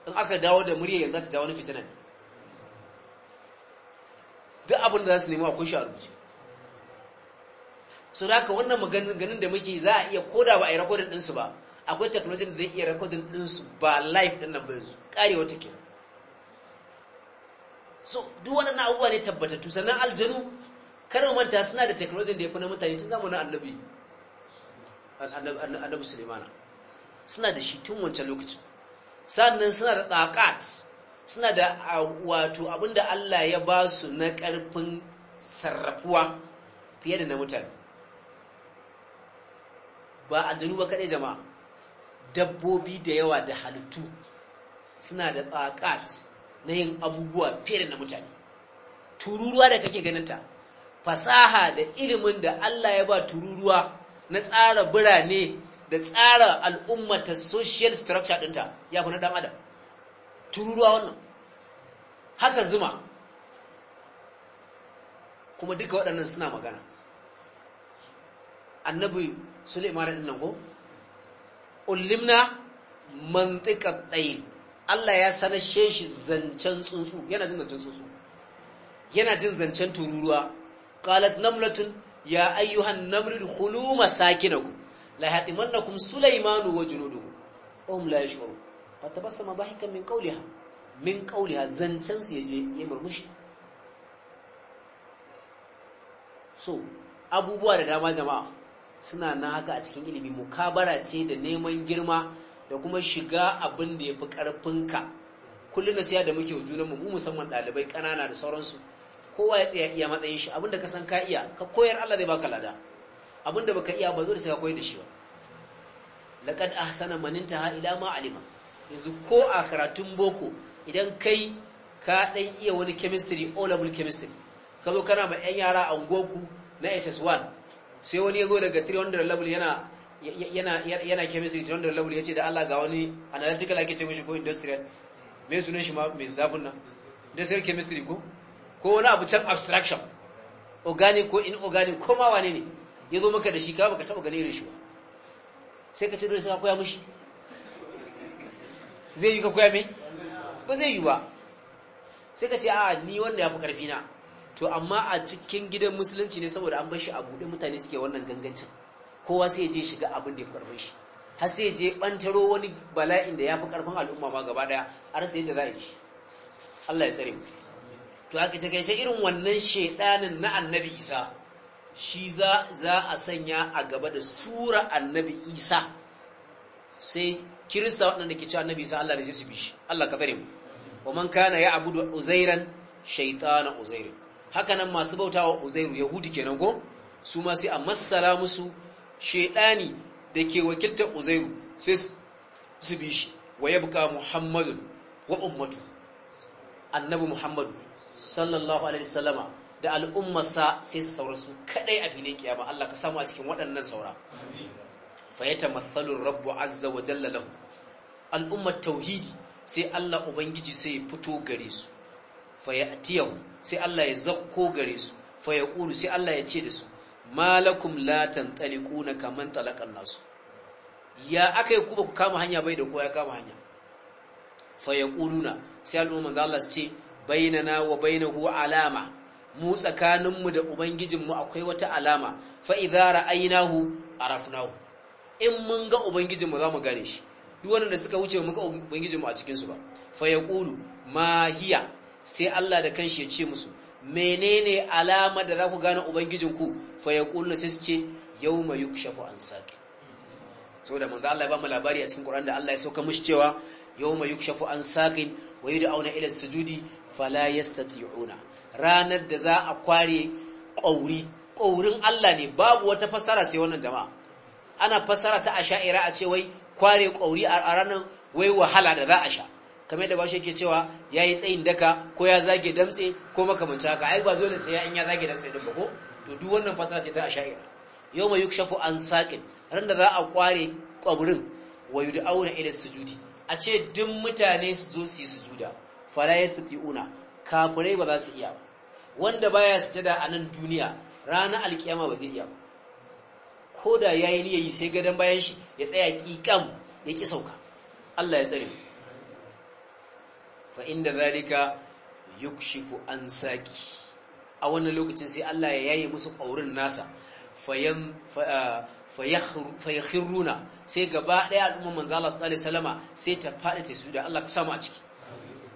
in aka dawo da murya yanzu ta jawo wani fitinan duk abin da za su nemi akwai shi a rubuce so da haka wannan maganin da muke za a iya koda ba a yi rakodin ɗinsu ba akwai technology da zai iya rekodin ɗinsu ba live ɗin nan ba yanzu wata ke. so duk waɗannan abubuwa ne tabbatattu sannan aljanu karin manta suna da technology da ya fi na mutane tun zamanin annabi annabi sulemana suna da shi tun wancan lokacin sannan suna da ɗaƙat suna da wato abinda Allah ya ba su na ƙarfin sarrafuwa fiye da na mutane ba aljanu ba kaɗai jama'a dabbobi da yawa da halittu suna da bakat na yin abubuwa fere na mutane tururuwa da kake ganinta fasaha da ilimin da Allah ya ba tururuwa na tsara birane da tsara al'umma ta social structure ɗinta ya fi na ɗan adam tururuwa wannan haka zuma kuma duka waɗannan suna magana annabi suleiman ɗin nan ko ullimna mantiqat tayl Allah ya sanashe shi zancen tsuntsu yana jin zancen tsuntsu yana jin zancen tururuwa qalat namlatun ya ayyuhan namlu khulu masakinakum la yahtimannakum sulaymanu wa junuduhu hum la yashurun fatabassama bahikan min qawliha min qawliha zancen su yaje yayi murmushi so abubuwa da dama jama'a suna nan haka a cikin ilimi mukabara ce da neman girma da kuma shiga abin da ya fi ƙarfinka kullum nasiya da muke junan mu musamman ɗalibai ƙanana da sauransu kowa ya tsaya iya matsayin shi abin da ka san ka iya ka koyar Allah zai baka lada abin baka iya ba zo da sai ka koyar da shi ba laqad ahsana man intaha ila ma alima yanzu ko a karatun boko idan kai ka dan iya wani chemistry o level chemistry ka zo kana ma yan yara a ungoku na SS1 sai wani ya zo daga 300 level yana yana yana chemistry 300 level yace da Allah ga wani analytical ake ce mishi ko industrial me sunan shi ma mai zafin nan industrial chemistry ko ko wani abu can abstraction organic ko inorganic ko ma wane ne ya zo maka da shi ka baka taba gani irin shi ba sai ka ce dole sai ka koya mishi zai yi ka koya mai ba zai yi ba sai ka ce a ni wanda ya fi karfi na to amma a cikin gidan musulunci ne saboda an bashi a buɗe mutane suke wannan gangancin kowa sai je shiga abin da ya karfin shi har sai je bantaro wani bala'in da ya fi karfin al'umma ma gaba daya har sai da za a yi shi Allah ya tsare mu to haka ta gaishe irin wannan shedanin na annabi Isa shi za za a sanya a gaba da sura annabi Isa sai kirista waɗanda ke cewa annabi Isa Allah ne zai su bi shi Allah ka bare mu wa man kana ya uzairan shaitana uzairan hakanan masu bauta wa uzairu yahudi kenan ko su ma sai a matsala musu shaidani da ke wakiltar uzairu sai su bi shi wa buka muhammadun wa ummatu annabi muhammadu sallallahu alaihi wasallama da al'ummarsa sai su saura su kadai a filin kiyama Allah ka samu a cikin waɗannan saura fa ya tamathalur rabbu azza wa jalla al'ummar tauhidi sai Allah ubangiji sai fito gare su fayatiyahu sai Allah ya zakko gare su fayaqulu sai Allah ya ce da su malakum la tantaliquna kaman talakan nasu ya akai ku ba ku kama hanya bai da ko ya kama hanya fayaquluna sai al'umma manzo Allah su ce bainana wa bainahu alama mu tsakaninmu da ubangijinmu akwai wata alama fa idza ra'aynahu arafnahu in mun ga ubangijinmu za mu gane shi duk wanda suka wuce ubangijin ubangijinmu a cikin su ba fa ma hiya sai Allah da kanshi ya ce musu menene alama da za ku gane ubangijinku fa ya kullu sai su ce yawma an so da manzo Allah ya ba mu labari a cikin Qur'an da Allah ya sauka mushi cewa yawma yukshafu an saqin wa yud'auna ila sujudi fala yastati'una ranar da za a kware ƙauri ƙaurin Allah ne babu wata fasara sai wannan jama'a ana fasara ta asha'ira a ce wai kware ƙauri a ranar wai wahala da za a sha kamar da bashi yake cewa ya yi tsayin daka ko ya zage damtse ko makamanci haka ai ba dole sai ya in ya zage damtse din ba ko to duk wannan fasara ce ta asha'ira yau mai yukshafu an saqin ran da za a kware kwabrin wa yud'auna ila sujudi a ce duk mutane su zo su yi sujuda fala una kafirai ba za su iya ba wanda baya sujada a nan duniya rana alkiyama ba zai iya ba ko da yayi yayi sai gadan bayan shi ya tsaya kikam ya ki sauka Allah ya tsare mu fa inda zalika yukshifu an saƙi, a wannan lokacin sai Allah ya yaye musu ƙaurin nasa fayakhiruna ah, sai gaba ɗaya al'umman manzo Allah sallallahu alaihi sai ta faɗi ta su da Allah ka samu a ciki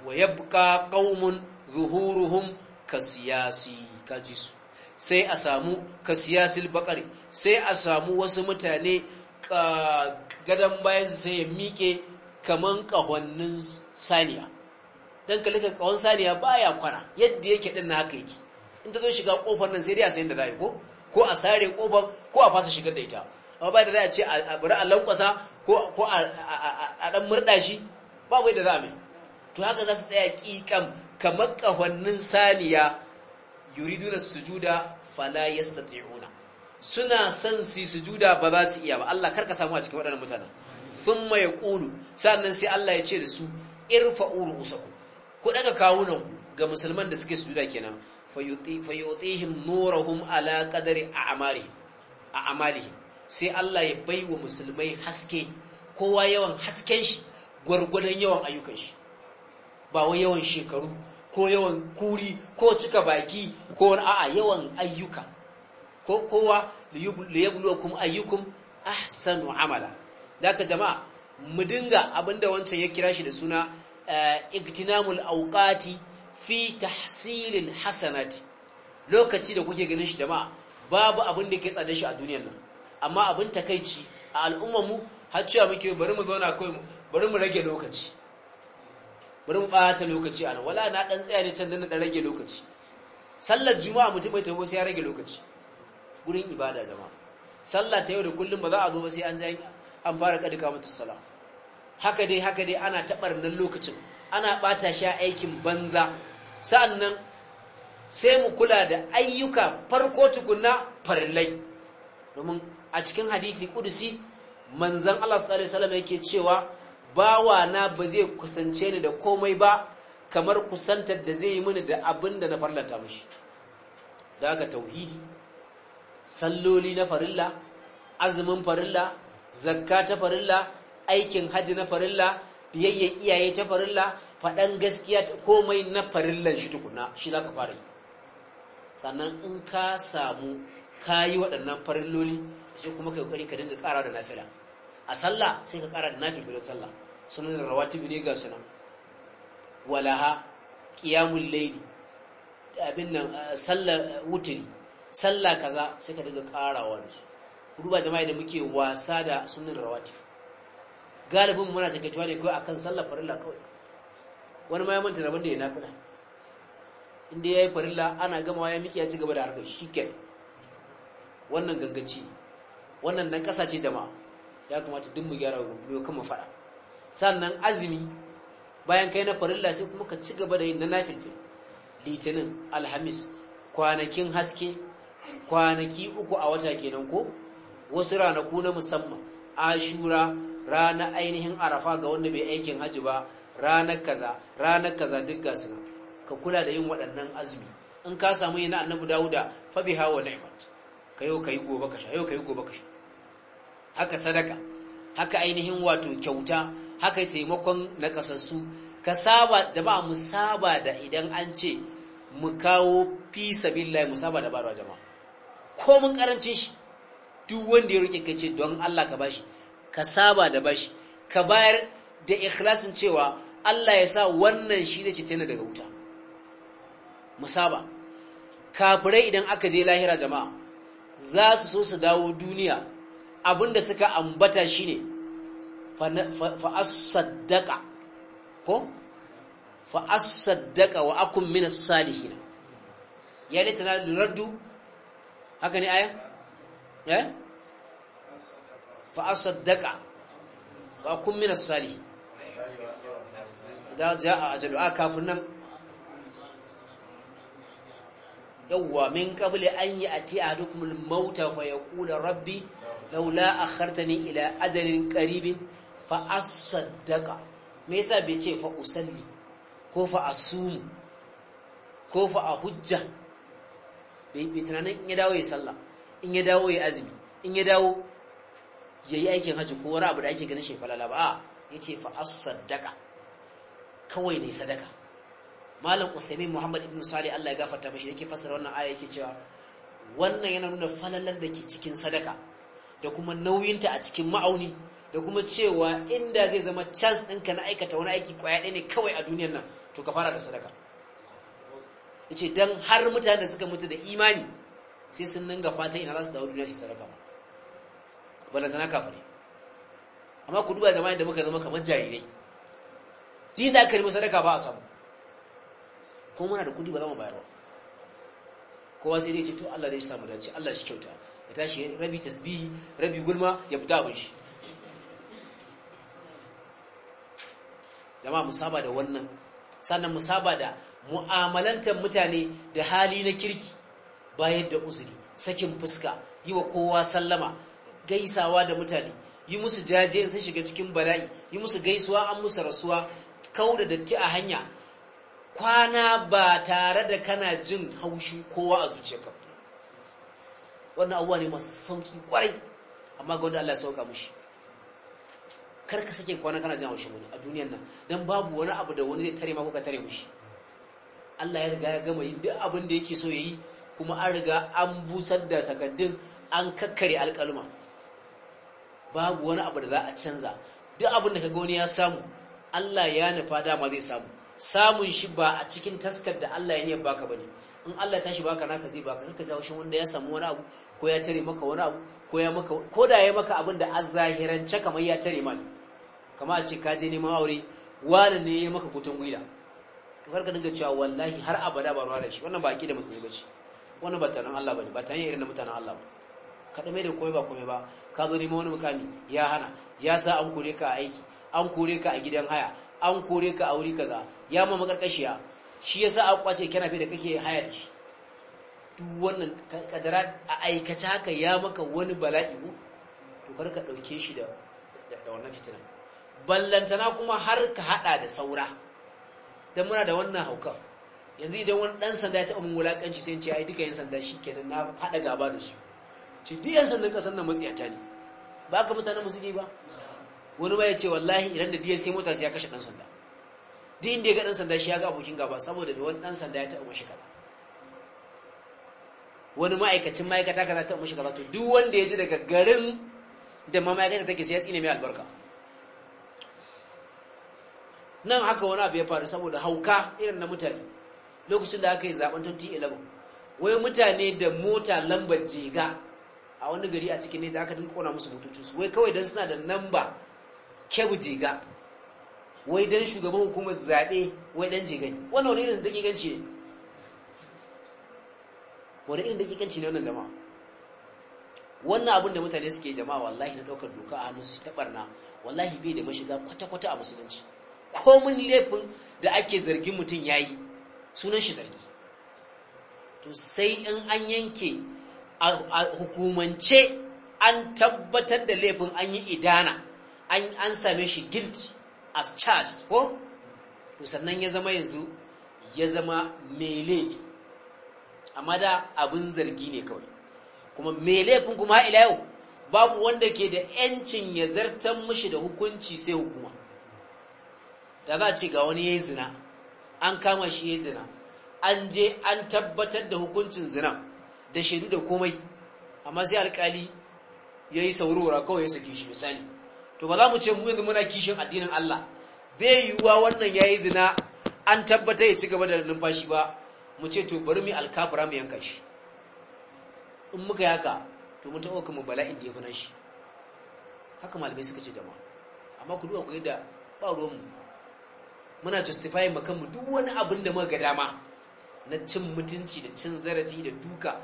wa yabqa qaumun zuhuruhum kasiyasi su sai a samu kasiyasil bakari sai a samu wasu mutane ah, gadon bayan sai ya miƙe kaman ƙahonnin saniya dan kalle ka kawon saniya baya kwana yadda yake din na haka yake in ta zo shiga kofar nan sai dai a sayin da za ko ko a sare kofar ko a fasa shigar da ita amma ba da za a ce a bari a lankwasa ko ko a dan murda shi ba wai da za mai to haka za su tsaya kikan kamar kahonnin saniya yuriduna sujuda fala yastati'una suna son su sujuda ba za su iya ba Allah ka samu a cikin waɗannan mutanen thumma yaqulu sannan sai Allah ya ce da su irfa'u ru'usakum ku daga nan ga musulman da suke sujuda kenan fayutihim nurahum ala qadari a'mali a'mali sai Allah ya baiwa musulmai haske kowa yawan hasken shi gwargwadon yawan ayyukan shi ba wai yawan shekaru ko yawan kuri ko cika baki ko a'a yawan ayyuka ko kowa liyabluwakum ayyukum ahsanu amala daka jama'a mu dinga abinda wancan ya kira shi da suna iktinamul auqati fi tahsilil hasanati lokaci da kuke ganin shi jama'a babu abin da ke tsada shi a duniyar nan amma abin takaici a al'ummar mu har cewa muke bari mu zauna kai bari mu rage lokaci bari mu bata lokaci a nan wala na dan tsaya ne can dan dan rage lokaci sallar juma'a mutum bai tafi sai ya rage lokaci gurin ibada jama'a sallah ta yau da kullum ba za a zo ba sai an ja an fara kadika mutu sallah haka dai haka dai ana nan lokacin ana ɓata shi aikin banza sa'annan sai mu kula da ayyuka farko tukunna farillai domin a cikin hadisi kudusi manzan Allah sallallahu alaihi wasallam yake cewa bawa na ba zai kusance ni da komai ba kamar kusantar da zai yi mini da abinda na farlata mishi da tauhidi salloli na farilla azumin farilla zakka ta farilla aikin haji na farilla biyayyar iyaye ta farilla faɗan gaskiya komai na farillan shi tukuna shi za ka fara yi sannan in ka samu ka yi waɗannan farilloli sai kuma ka yi ka dinga ƙara da nafila a sallah sai ka ƙara da nafilfilin sallah sunan rawatibi ne ga sunan walaha ƙiyamun laili abin nan eh, sallar wuturi sallah kaza sai ka dinga wa da su duba jama'a da muke wasa da sunan rawatibi galibin muna takaituwa ne kawai akan sallar farilla kawai wani ma ya manta rabon da ya nafila inda ya yi farilla ana gama ya miki ya ci gaba da harkar shiken. wannan ganganci wannan dan ƙasa ce jama'a ya kamata duk mu gyara mu kan mu fara sannan azumi bayan kai na farilla sai kuma ka ci gaba da yin na nafilfil litinin alhamis kwanakin haske kwanaki uku a wata kenan ko wasu ranaku na musamman ashura rana ainihin arafa ga wanda bai aikin hajji ba ranar kaza ranar kaza duk gasu ka kula da yin waɗannan azumi in ka samu yana annabu dawuda fabi hawa wa ka yau ka yi gobe ka sha yau ka yi gobe ka sha haka sadaka haka ainihin wato kyauta haka taimakon nakasassu ka saba jama'a mu saba da idan an ce mu kawo fi sabilillahi mu saba da barwa jama'a ko mun karancin shi duk wanda ya rike ce don Allah ka bashi ka saba da bashi ka bayar da ikhlasin cewa Allah ya sa wannan shi zai cetena daga wuta musaba kafirai idan aka je lahira jama'a za su so su dawo duniya abinda suka ambata shine fa asaddaqa ko fa asaddaqa wa akum as salihin ya litana raddu haka ne aya eh fa asaddaqa wa kun min as-salih da jaa ajalu a kafin nan yawwa min qabli an ya'ti ahadukum al-mauta fa yaqulu rabbi laula akhartani ila ajalin qaribin fa asaddaqa me yasa bai ce fa usalli ko fa asumu ko fa ahujja bai tunanin in ya dawo ya sallah in ya dawo ya azumi in ya dawo yayi aikin hajji ko wani abu da ake ganin shi falala ba Ya ce fa as kawai ne sadaka malam Uthamin Muhammad ibn sali Allah ya gafarta mashi yake fassara wannan aya yake cewa wannan yana nuna falalar da ke cikin sadaka da kuma nauyinta a cikin ma'auni da kuma cewa inda zai zama chance ɗinka na aikata wani aiki kwaya ɗaya ne kawai a duniyar nan to ka fara da sadaka ce don har mutane da suka mutu da imani sai sun ninga fata ina za su dawo duniya su sadaka ba kafin ne amma ku duba jama'a yadda muka zama kamar jarirai din da aka riba sadaka ba a samu ko muna da kudi ba za mu bayar kowa sai dai ce to Allah zai samu dace Allah shi kyauta ya tashi rabi tasbihi rabi gulma ya fita abin shi jama'a musaba da wannan sannan musaba da mu'amalantar mutane da hali na kirki bayar da uzuri sakin fuska yi wa kowa sallama gaisawa da mutane yi musu jaje sun shiga cikin bala'i yi musu gaisuwa an musu rasuwa kau da datti a hanya kwana ba tare da kana jin haushi kowa a zuciyarka wannan abuwa ne masu sauki kwarai amma ga wanda Allah ya sauka mushi kar ka sake kwana kana jin haushi a duniyan nan dan babu wani abu da wani zai tare ma ko ka tare mushi Allah ya riga ya gama yin duk abin da yake so ya yi kuma an riga an busar da takaddun an kakkare alƙaluma babu wani abu da za a canza duk abin da kaga wani ya samu Allah ya nufa dama zai samu samun shi ba a cikin taskar da Allah ya niyyar baka bane in Allah ya tashi baka naka zai baka karka jawo shi wanda ya samu wani abu ko ya tare maka wani abu ko ya maka ko da ya maka abin da azahirance kamar ya tare mani kamar a ce ka je neman aure wani ne ya maka kutun gwida to karka dinga cewa wallahi har abada ba ruwa da shi wannan ba aqida musulmi bace wannan ba tanan Allah bane ba tanan irin mutanen Allah ba ka da komai ba komai ba ka zo neman wani mukami ya hana ya sa an kore ka a aiki an kore ka a gidan haya an kore ka a wuri kaza ya ma makarkashiya shi yasa a kwace kana fi da kake haya da shi duk wannan kadara a aikace haka ya maka wani bala'i ko to kar ka dauke shi da da wannan fitina ballantana kuma har ka hada da saura dan muna da wannan haukan yanzu idan wani dan sanda ya taɓa mun wulakanci sai in ce ai duka yan sanda shikenan na hada gaba da su ce duk yan sandan kasar nan matsiyata ne ba ka mutanen musu ne ba wani ba ya ce wallahi idan da sai mota sai ya kashe dan sanda duk inda ya ga dan sanda shi ya ga abokin gaba saboda da wani dan sanda ya taɓa mashi kaza wani ma'aikacin ma'aikata kaza ta mashi kaza to duk wanda ya ji daga garin da ma ma'aikata take sai ya tsine mai albarka nan haka wani abu ya faru saboda hauka irin na mutane lokacin da aka yi zaben 2011 wai mutane da mota lambar jiga. a wani gari a cikin nesa aka dinka kona musu bututu wai kawai dan suna da namba kebu jiga wai dan shugaban hukumar zaɓe wai dan jiga ne wani irin daƙiƙanci ne wani irin daƙiƙanci ne wannan jama'a wannan abin da mutane suke jama'a wallahi na ɗaukar doka a hannun su ta ɓarna, wallahi bai da mashiga kwata-kwata a musulunci komin laifin da ake zargin mutum ya yi sunan shi zargi to sai in an yanke a hukumance an tabbatar da laifin an yi idana an same shi guilty as charged ko to sannan ya zama yanzu ya zama mai laifi amma da abin zargi ne kawai kuma mai laifin kuma ila yau babu wanda ke da yancin ya zartar mishi da hukunci sai hukuma da za ce ga wani ya zina an kama shi ya zina an je an tabbatar da hukuncin zinan da shaidu da komai amma sai alkali ya yi saurora kawai ya sake shi misali to ba za mu ce mu yanzu muna kishin addinin Allah bai yiwuwa wannan ya yi zina an tabbata ya ci gaba da numfashi ba mu ce to bari mu alkafura mu yanka shi in muka yaka to mun taɓa kuma bala'in da ya na shi haka malamai suka ce dama amma ku duba ku da ba mu muna makan mu duk wani abin da muka ga dama na cin mutunci da cin zarafi da duka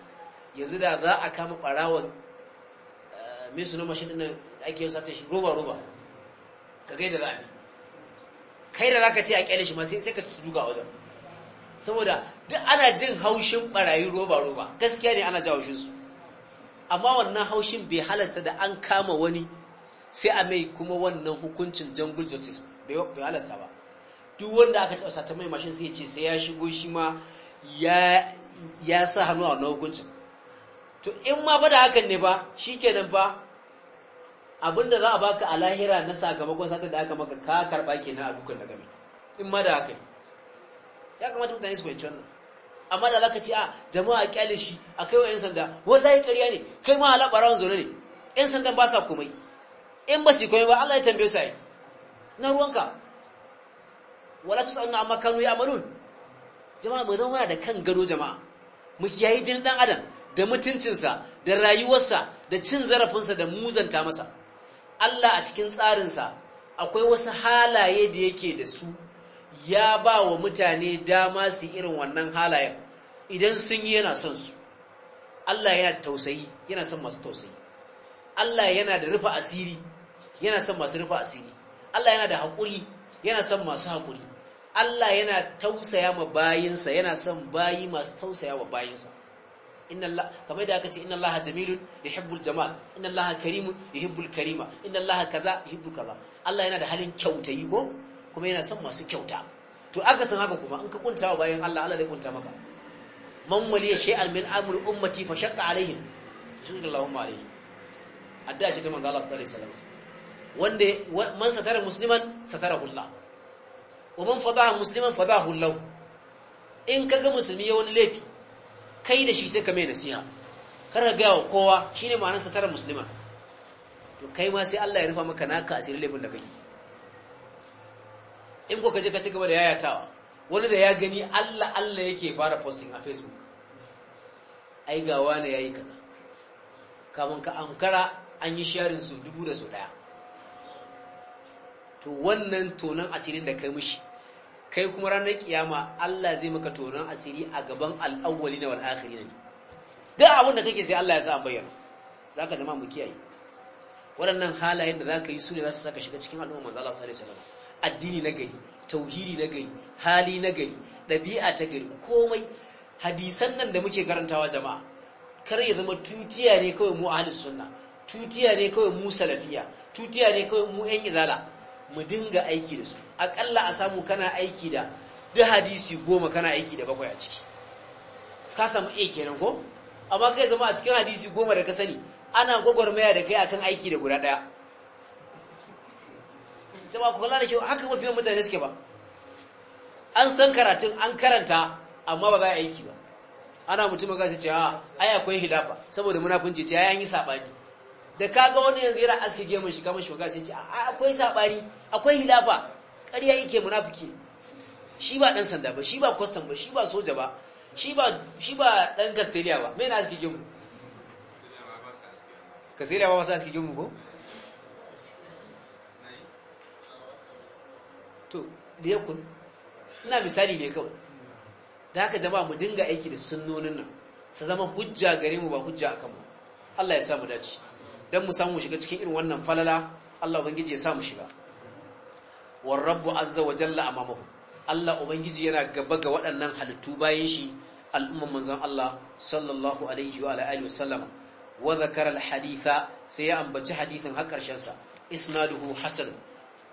yanzu da za a kama ɓarawan eh, mai suna mashin ɗin da ake yin sata shi roba-roba ka gaida za a bi kai da za ka ce a ƙyale shi masu sai ka tutu duka wajen saboda duk ana jin haushin barayi roba-roba gaskiya ne ana jawo su amma wannan haushin bai halasta da an kama wani sai a mai kuma wannan hukuncin jungle justice bai halasta ba duk wanda aka taɓa sata mai mashin sai ya ce sai ya shigo shi ma ya sa hannu a wannan hukuncin to in ma ba da hakan ne ba shi nan fa abinda za a baka a lahira na sakamakon satar da aka maka ka karba na a dukan da gami in ma da haka ne? ya kamata mutane su fahimci wannan amma da za ka ce ah, a jama'a kyale shi a kai wa 'yan sanda wallahi ƙarya ne kai ma ala rawan zo ne 'yan sandan ba sa komai in ba su komai ba Allah ya tambaye su yi na ruwanka wala na amma kanu ya amalun jama'a mu zama da kan gado jama'a mu kiyayi jin ɗan adam da mutuncinsa da rayuwarsa da cin zarafinsa da muzanta masa Allah a cikin tsarinsa akwai wasu halaye da yake da su ya ba wa mutane dama su irin wannan halayen idan sun yi yana son su Allah yana tausayi yana son masu tausayi Allah yana da rufa asiri yana son masu rufa asiri Allah yana da haƙuri yana son masu haƙuri Allah yana tausaya ma bayinsa yana son bayi masu tausaya wa bayinsa inna Allah kamar da aka ce inna Allah jamilun yuhibbul jamal inna Allah karimun hibbul karima inna Allah kaza ya hibbul kaza Allah yana da halin kyauta yi ko kuma yana son masu kyauta to aka san haka kuma in ka kunta bayan Allah Allah zai kunta maka man waliya shay'an min amri ummati fa shaqqa alaihim shukran Allahumma alaihim adda ce ta manzo Allah sallallahu alaihi wasallam wanda man satara musliman satarahu Allah wa man fadaha musliman fadahu Allah in kaga musulmi ya wani laifi kai da shi sai ka mai nasiha kar ka gaya wa kowa shine ma'anar tara musulma to kai ma sai Allah ya rufa maka naka asirin laifin da kake in ko je ka ci gaba da yayatawa wani da ya gani Allah Allah yake fara posting a Facebook ai ga wani yayi kaza kamun ka ankara an yi sharin su dubu da su daya to wannan tonan asirin da kai mishi kai kuma ranar kiyama Allah zai maka tonon asiri a gaban al'awwali na wal'akhiri ne duk abin da kake sai Allah ya sa bayyana za ka zama mu kiyaye waɗannan halayen da za ka yi su ne za su saka shiga cikin al'umma manzo Allah sallallahu alaihi wasallam addini na gari tauhidi na gari hali na gari ɗabi'a ta gari komai hadisan nan da muke karantawa jama'a kar ya zama tutiya ne kawai mu ahlus sunna tutiya ne kawai mu salafiya tutiya ne kawai mu yan izala mu dinga aiki da su akalla a samu kana aiki da duk hadisi goma kana aiki da bakwai a ciki ka samu a kenan ko amma kai zama a cikin hadisi goma da ka sani ana gwagwarmaya da kai akan aiki da guda daya jama'a ku kula da kyau haka mafi mutane suke ba an san karatun an karanta amma ba za a aiki ba ana mutum ga sai ce a ah, ai akwai hidafa saboda munafunci ce ya yi sabani da kaga wani yanzu yana aske gemun shi kama shugaba sai ce a akwai sabari akwai hilafa ƙarya yake munafiki shi ba dan sanda ba shi ba custom ba shi ba soja ba shi ba shi ba dan Castelia ba me na aske gemu Castelia ba ba sa aske gemu ko to liyakun ina misali ne kawai da haka jama'a mu dinga aiki da sunnonin nan su zama hujja gare mu ba hujja akan mu Allah ya sa mu dace dan mu samu shiga cikin irin wannan falala Allah ubangiji ya samu shiga war rabbu azza wa jalla Allah ubangiji yana gaba ga waɗannan halittu bayan shi al'umman manzon Allah sallallahu alaihi wa alihi wasallam wa al haditha sai ya ambaci hadithin har karshen sa isnaduhu hasan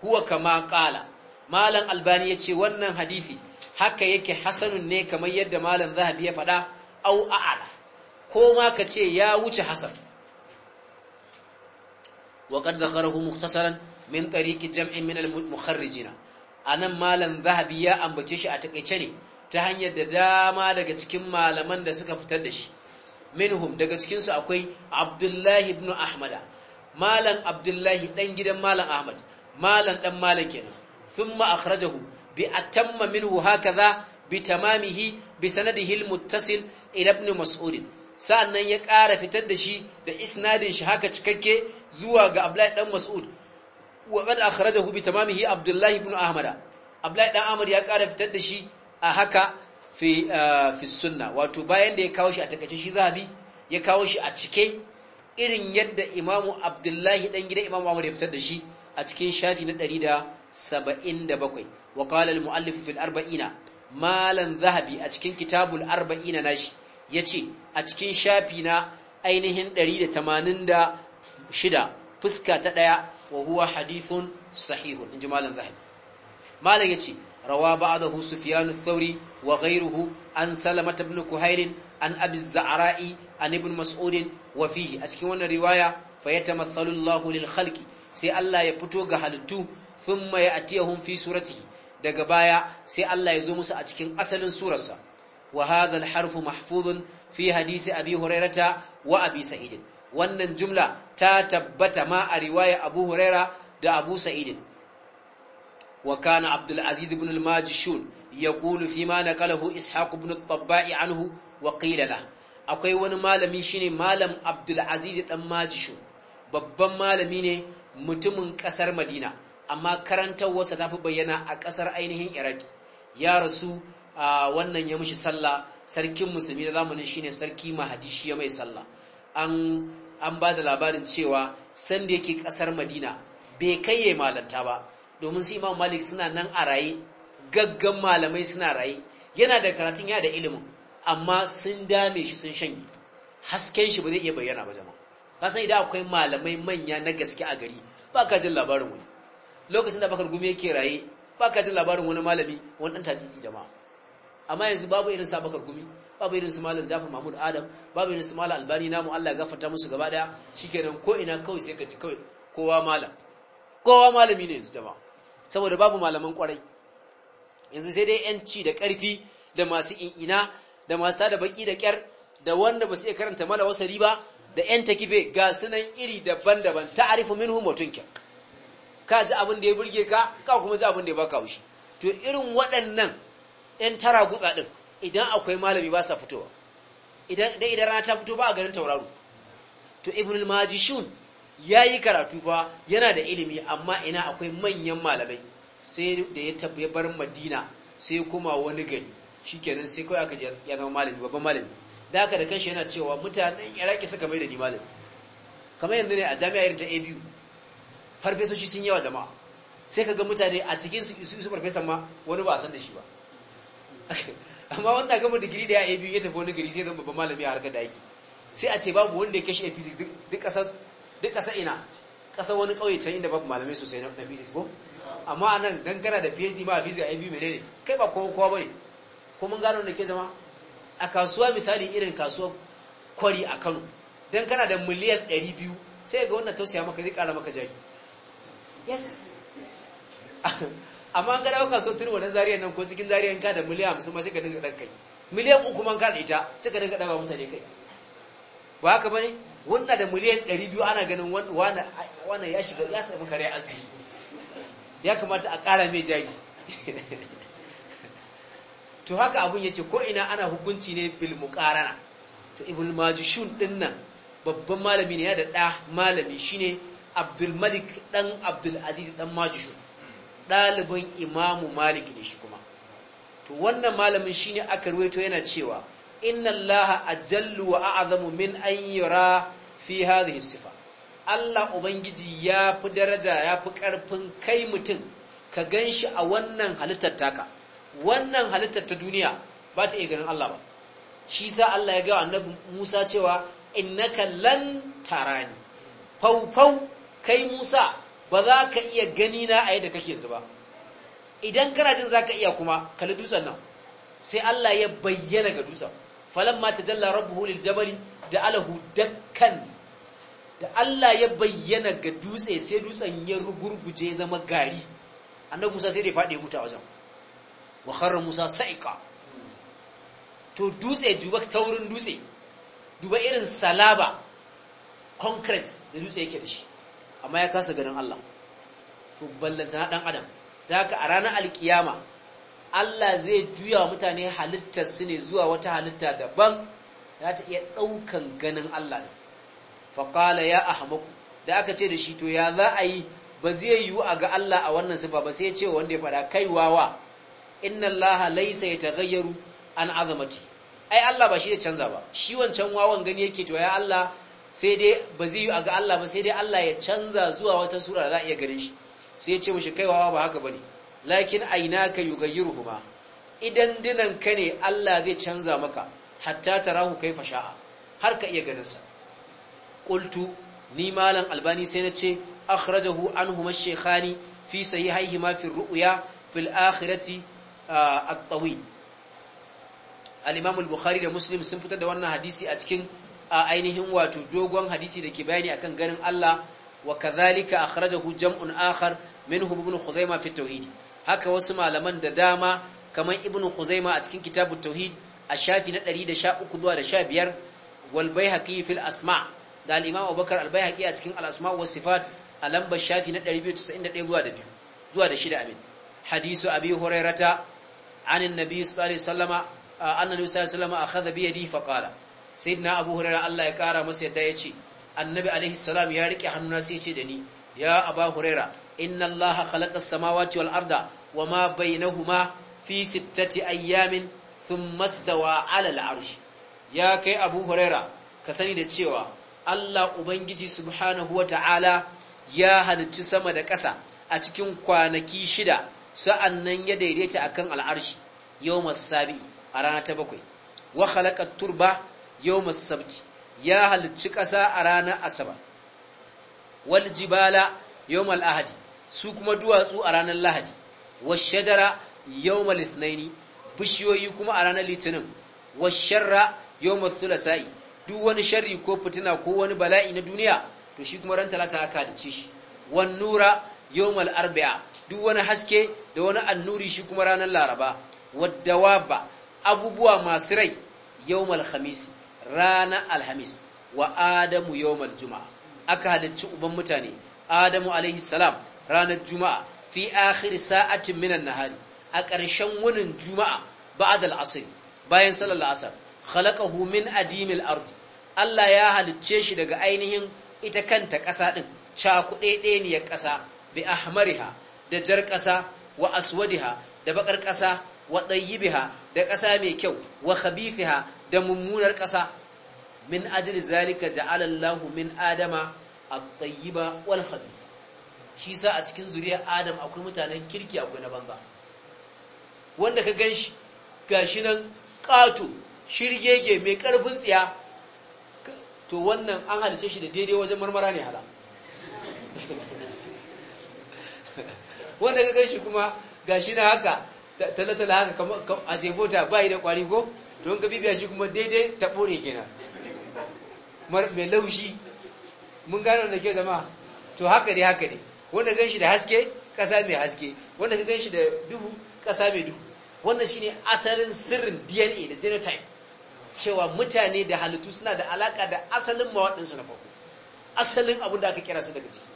huwa kama ƙala. malam albani ya ce wannan hadisi haka yake hasanun ne kamar yadda malam zahabi ya faɗa au a'ala ko ma ka ce ya wuce Hassan? wa qad zakarahu muktasaran min tariqi jam'in min al-mukharrijina anan malam zahabi ya ambace shi a takeice ne ta hanyar da dama daga cikin malaman da suka fitar da shi minhum daga cikinsu akwai abdullahi ibn ahmada malam abdullahi dan gidan malam ahmad malam ɗan malam kenan thumma akhrajahu bi atamma minhu hakaza bi tamamihi bi sanadihi al-muttasil ila ibn mas'ud sa'annan ya ƙara fitar da shi da isnadin shi haka cikakke zuwa ga Abdullahi Ɗan Mas'ud wa da Hubi ta tamamihi Abdullahi ibn Ahmad Abdullahi dan Ahmad ya ƙara fitar da shi a haka fi sunna wato bayan da ya kawo shi a takaice shi zahabi ya kawo shi a cike irin yadda Imam'u Abdullahi ɗan gidan Imam Ahmad ya fitar da shi a cikin shafi na ɗari da bakwai al muallif fi al arba'ina malan zahabi a cikin kitabul arba'ina nashi ya ce a cikin shafi na ainihin 186 fuska ta ɗaya wa huwa hadithun sahihun in ji malam zahabi malam ya ce rawa ba'adahu sufyanu thauri wa ghairuhu an salama ibn kuhairin an abi za'ara'i an ibn mas'udin wa fihi a cikin wannan riwaya fa yatamathalu Allahu lil khalqi sai Allah ya fito ga halittu thumma ya'tiyahum fi suratihi daga baya sai Allah ya zo musu a cikin asalin surarsa wa hadha harfu mahfuzun fi hadisi abi hurairata wa abi sa'id wannan jumla ta tabbata ma a riwaya abu huraira da abu sa'id wa kana abdul aziz ibn al-majishun yaqulu fi ma naqalahu ishaq ibn at anhu wa akwai wani malami shine malam abdul aziz dan majishun babban malami ne mutumin ƙasar madina amma karantarwarsa ta fi bayyana a ƙasar ainihin iraki ya rasu wannan ya mushi sallah sarkin musulmi na zamanin shine sarki mahadi shi ya mai sallah an an ba da labarin cewa sanda yake kasar madina bai kai ya malanta ba domin su imam malik suna nan a raye gaggan malamai suna raye yana da karatun yana da ilimin amma sun dame shi sun shanye hasken shi ba zai iya bayyana ba jama'a kasan idan akwai malamai manya na gaske a gari ba ka jin labarin wani lokacin da bakar gumi yake raye ba ka jin labarin wani malami wani dan tatsitsi jama'a amma yanzu babu irin sa bakar gumi babu irin su malam jafa Mahmud Adam babu irin su malam Albani namu Allah ya musu gaba daya shikenan ko ina kawai sai ka ci kawai kowa malam kowa malami ne yanzu jama'a saboda babu malaman kwarai yanzu sai dai yanci da karfi da masu ina da masu tada baki da kyar da wanda ba su iya karanta mala wasari ba da yan takife ga sunan iri daban-daban ta'arifu minhum wa tunkir ka ji abin da ya burge ka ka kuma ji abin da ya baka wushi to irin waɗannan ‘yan tara gutsa ɗin idan akwai malami ba sa fitowa idan idan rana ta fito ba a ganin tauraro to ibn al-majishun yayi karatu ba yana da ilimi amma ina akwai manyan malamai sai da ya tafi bar madina sai kuma wani gari shikenan sai kawai aka ya zama malami babban malami da haka da kanshi yana cewa mutanen iraki suka mai da ni malami kamar yanzu ne a jami'a irin ta abu farfesoshi sun yawa jama'a sai ka ga mutane a cikin su su farfesan ma wani ba san da shi ba amma wanda gama digiri da ya abu ya tafi wani gari sai zan babban malami a harkar da ake sai a ce babu wanda ya kashe a physics duk ƙasa ina ƙasa wani ƙauye can inda babu malamai sosai na physics ko amma a nan don kana da phd ma a physics a abu mai ne kai ba kowa kowa bane ko mun gano da ke zama a kasuwa misali irin kasuwa kwari a kano don kana da miliyan 200 sai ga wannan tausaya maka zai kara maka jari yes [laughs] amma an ga dawo so turu wannan zariya nan ko cikin zariya ka da miliyan hamsin ma sai ka dinga ɗan kai miliyan uku man ka da ita sai ka dinga ɗaga mutane kai ba haka bane wanda da miliyan 200 biyu ana ganin wanda ya shiga ya sami kare asiri ya kamata a ƙara mai jari [laughs] to haka abun yake ko ina ana hukunci ne bil muqarana to ibn majishun din nan babban malami ne ya da ɗa malami shine abdul malik dan abdul aziz dan majishun ɗalibin imamu malik ne shi kuma to wannan malamin shine aka ruwaito yana cewa inna ajalluwa ajallu wa a'zamu min an yura fi hadhihi sifa Allah ubangiji ya fi daraja ya fi karfin kai mutum ka ganshi a wannan halittar taka wannan halittar ta duniya ba ta iya ganin Allah ba shi sa Allah ya ga annabi Musa cewa innaka lan tarani fau fau kai Musa ba za ka iya gani na a yadda kake zuba idan kana jin za ka iya kuma kalli dutsen nan sai Allah ya bayyana ga dutsen ta jalla rabu hulil jabali da alahu dakkan da Allah ya bayyana ga dutse sai dutsen ya rugurguje zama gari annabi Musa sai da fadi wuta wajen wa Musa sa'iqa to dutse duba taurin dutse duba irin salaba concrete da dutse yake da shi amma ya kasa ganin Allah to ballanta na dan adam da haka a ranar alkiyama Allah zai juya mutane halittar su ne zuwa wata halitta daban za ta iya ɗaukan ganin Allah ne faƙala ya ahmaku da aka ce da shi to ya za a yi ba zai yiwu a ga Allah a wannan sifa ba sai ya ce wanda ya faɗa kai wawa inna Allah laysa ya an azamati ai Allah ba shi da canza ba shi wancan wawan gani yake to ya Allah sai dai ba zai yi a ga Allah ba sai dai Allah ya canza zuwa wata sura da za a iya ganin shi sai ya ce mushi kaiwa ba haka bane lakin aynaka ba idan dinan ka ne Allah zai canza maka hatta tarahu kai sha'a har ka iya ganin sa ni malam albani sai na ce akhrajahu anhuma ash-shaykhani fi sahihayhima fi ar-ru'ya fil akhirati at-tawil al-imam bukhari da muslim sun fitar da wannan hadisi a cikin A ainihin wato dogon hadisi da ke bayani akan ganin Allah wa kadhalika akhrajahu jam'un akhar minhu ibn khuzaimah fi tauhid haka wasu malaman da dama kamar ibn khuzaimah a cikin kitabut tauhid a shafi na 113 zuwa da 15 wal baihaqi fil asma da al-imam abubakar al-baihaqi a cikin al-asma wa sifat a lambar shafi na 291 zuwa da 2 zuwa da 6 amin hadisu abi hurairata عن النبي صلى الله عليه وسلم أن النبي صلى الله عليه وسلم أخذ بيدي فقال sayyidina abu hurairah Allah ya kara masa yadda ce. annabi alaihi salam ya rike hannuna sai yace da ni ya aba hurairah inna Allah khalaqa as-samawati wal arda wama bainahuma fi sittati ayyamin thumma stawa 'ala al-'arsh ya kai abu hurairah ka sani da cewa Allah ubangiji subhanahu wa ta'ala ya halicci sama da ƙasa a cikin kwanaki shida sa'an nan ya daidaita akan al'arshi yawmas sabi a rana ta bakwai wa khalaqa turba yawmas sabti ya halicci ƙasa a ranar Asaba, wal jibala yawmal ahadi su kuma duwatsu a ranar lahadi was shajara yawmal ithnaini bishiyoyi kuma a ranar litinin was sharra yawmal thulasa'i duk wani sharri ko fitina ko wani bala'i na duniya to shi kuma ran talata aka halicce shi wan nura yawmal arba'a duk wani haske da wani annuri shi kuma ranar laraba wadda waba abubuwa masu rai yawmal khamisi ranar alhamis wa adamu yau juma'a aka halicci uban mutane adamu alaihi salam ranar juma'a fi akhir sa'atin minan nahari a ƙarshen wunin juma'a ba'da al'asr bayan sallar asar khalaqahu min adimil ardi Allah ya halicce shi daga ainihin ita kanta ƙasa ɗin cakuɗeɗeniyar ƙasa bi ahmariha da jar ƙasa wa aswadiha da baƙar ƙasa wa ɗayyibiha da ƙasa mai kyau wa khabifiha da mummunar ƙasa min ajli zalika ja'ala Allahu min adama at-tayyiba wal khabith shi sa a cikin zuriyar Adam akwai mutanen kirki akwai na banza wanda ka ganshi gashi nan ƙato shirgege mai ƙarfin tsiya to wannan an halice shi da daidai wajen marmara ne hala [laughs] wanda ka ganshi kuma gashi na haka talatala haka a jefota ba yi da kwari ko don ka bibiya shi kuma daidai ta ɓore gina mai laushi mun gano da ke zama to haka dai haka dai wanda gan da haske ƙasa mai haske wanda ka gan da duhu ƙasa mai duhu wannan shine asalin sirrin dna da genotype cewa mutane da halittu suna da alaka da asalin mawaɗinsu na farko asalin abin da aka kira su daga ciki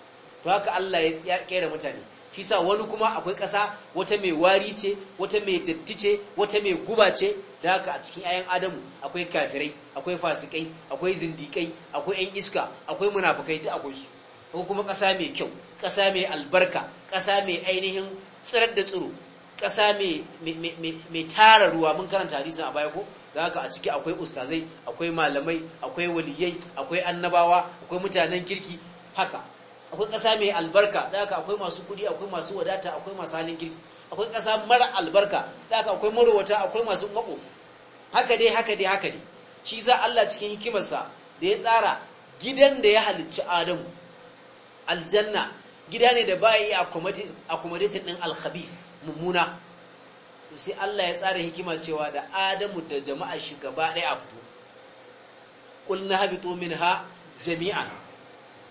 to haka Allah ya kera mutane shi sa wani kuma akwai ƙasa wata mai wari ce wata mai datti ce wata mai guba ce da haka a cikin 'ya'yan adamu akwai kafirai akwai fasikai akwai zindikai akwai 'yan iska akwai munafukai duk akwai su ko kuma ƙasa mai kyau ƙasa mai albarka ƙasa mai ainihin tsirar da tsiro ƙasa mai tara ruwa mun karanta hadisi a baya ko da haka a ciki akwai ustazai akwai malamai akwai waliyai akwai annabawa akwai mutanen kirki haka akwai ƙasa mai albarka da aka akwai masu kuɗi akwai masu wadata akwai masu halin kirki akwai ƙasa mara albarka da aka akwai marowata akwai masu mako haka dai haka dai haka dai shi sa Allah cikin hikimarsa da ya tsara gidan da ya halicci Adamu aljanna gida ne da ba iya accommodate din alkhabif mummuna sai Allah ya tsara hikima cewa da Adamu da jama'a shi gaba ɗaya a fito qulna habitu minha jami'an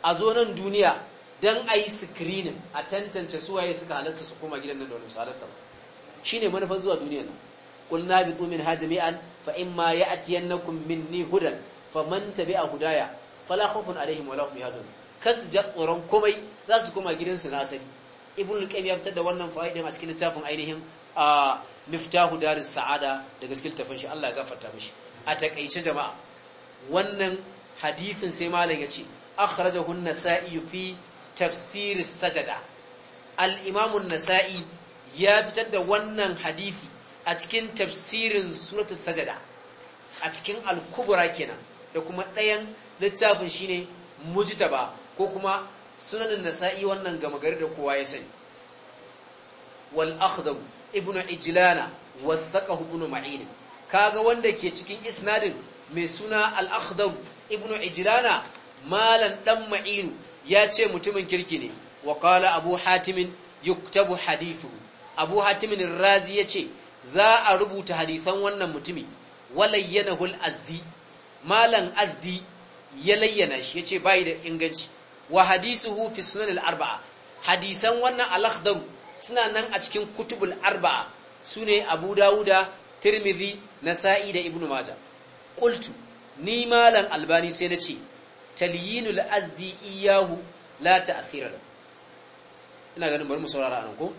a zo nan duniya don a yi screening a tantance su waye suka halasta su koma gidan nan da wani su halasta ba shi ne manufar zuwa duniya nan na bi tsumin ha jami'an fa in ma ya tiyan na kummin ni hudan fa man tabi a hudaya fala khawfun alaihim wala ya yahzanun kan su komai za su koma gidansu na asali ibn luqayyim ya fitar da wannan fa'idin a cikin littafin ainihin a miftahu hudarin sa'ada da gaske littafin shi Allah ya gafarta mishi a taƙaice jama'a wannan hadisin sai malam ya ce akhrajahu nasai fi tafsir sajada, al-imam an-nasa'i ya fitar da wannan hadisi a cikin tafsirin suratul sajada a cikin al-kubra kenan da kuma ɗayan littafin shine mujtaba ko kuma sunanin nasa'i wannan gama gari da kowa ya sani wal akhdam ibnu ijlana wathaqahu ibnu ma'in kaga wanda ke cikin isnadin mai suna al akhdam ibnu ijlana malam dan ma'inu ya ce mutumin kirki ne wa kala abu hatimin yuktabu hadithu abu hatimin razi ya ce za a rubuta hadisan wannan mutumi walayyanahul azdi malam azdi ya layyana shi ya ce bayi da inganci wa hadisuhu fi sunan arbaa hadisan wannan al suna nan a cikin kutubul arba'a su ne abu dawuda tirmidhi nasa'i da ibnu majah qultu ni malam albani sai na ce talyinul azdi iyahu la ta'khira la ina ganin bari mu saurara anan ko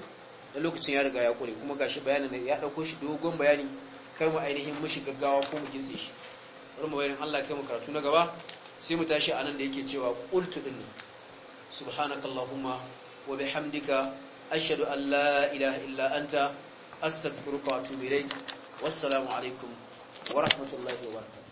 da lokacin ya riga ya kore kuma gashi bayanin ya dauko shi dogon bayani kar mu ainihin mushi gaggawa ko mu gintse shi bari mu bayanin Allah kai mu karatu na gaba sai mu tashi anan da yake cewa qultu din allahumma wa bihamdika ashhadu an la ilaha illa anta astaghfiruka wa atubu ilayk wassalamu alaikum wa rahmatullahi wa barakatuh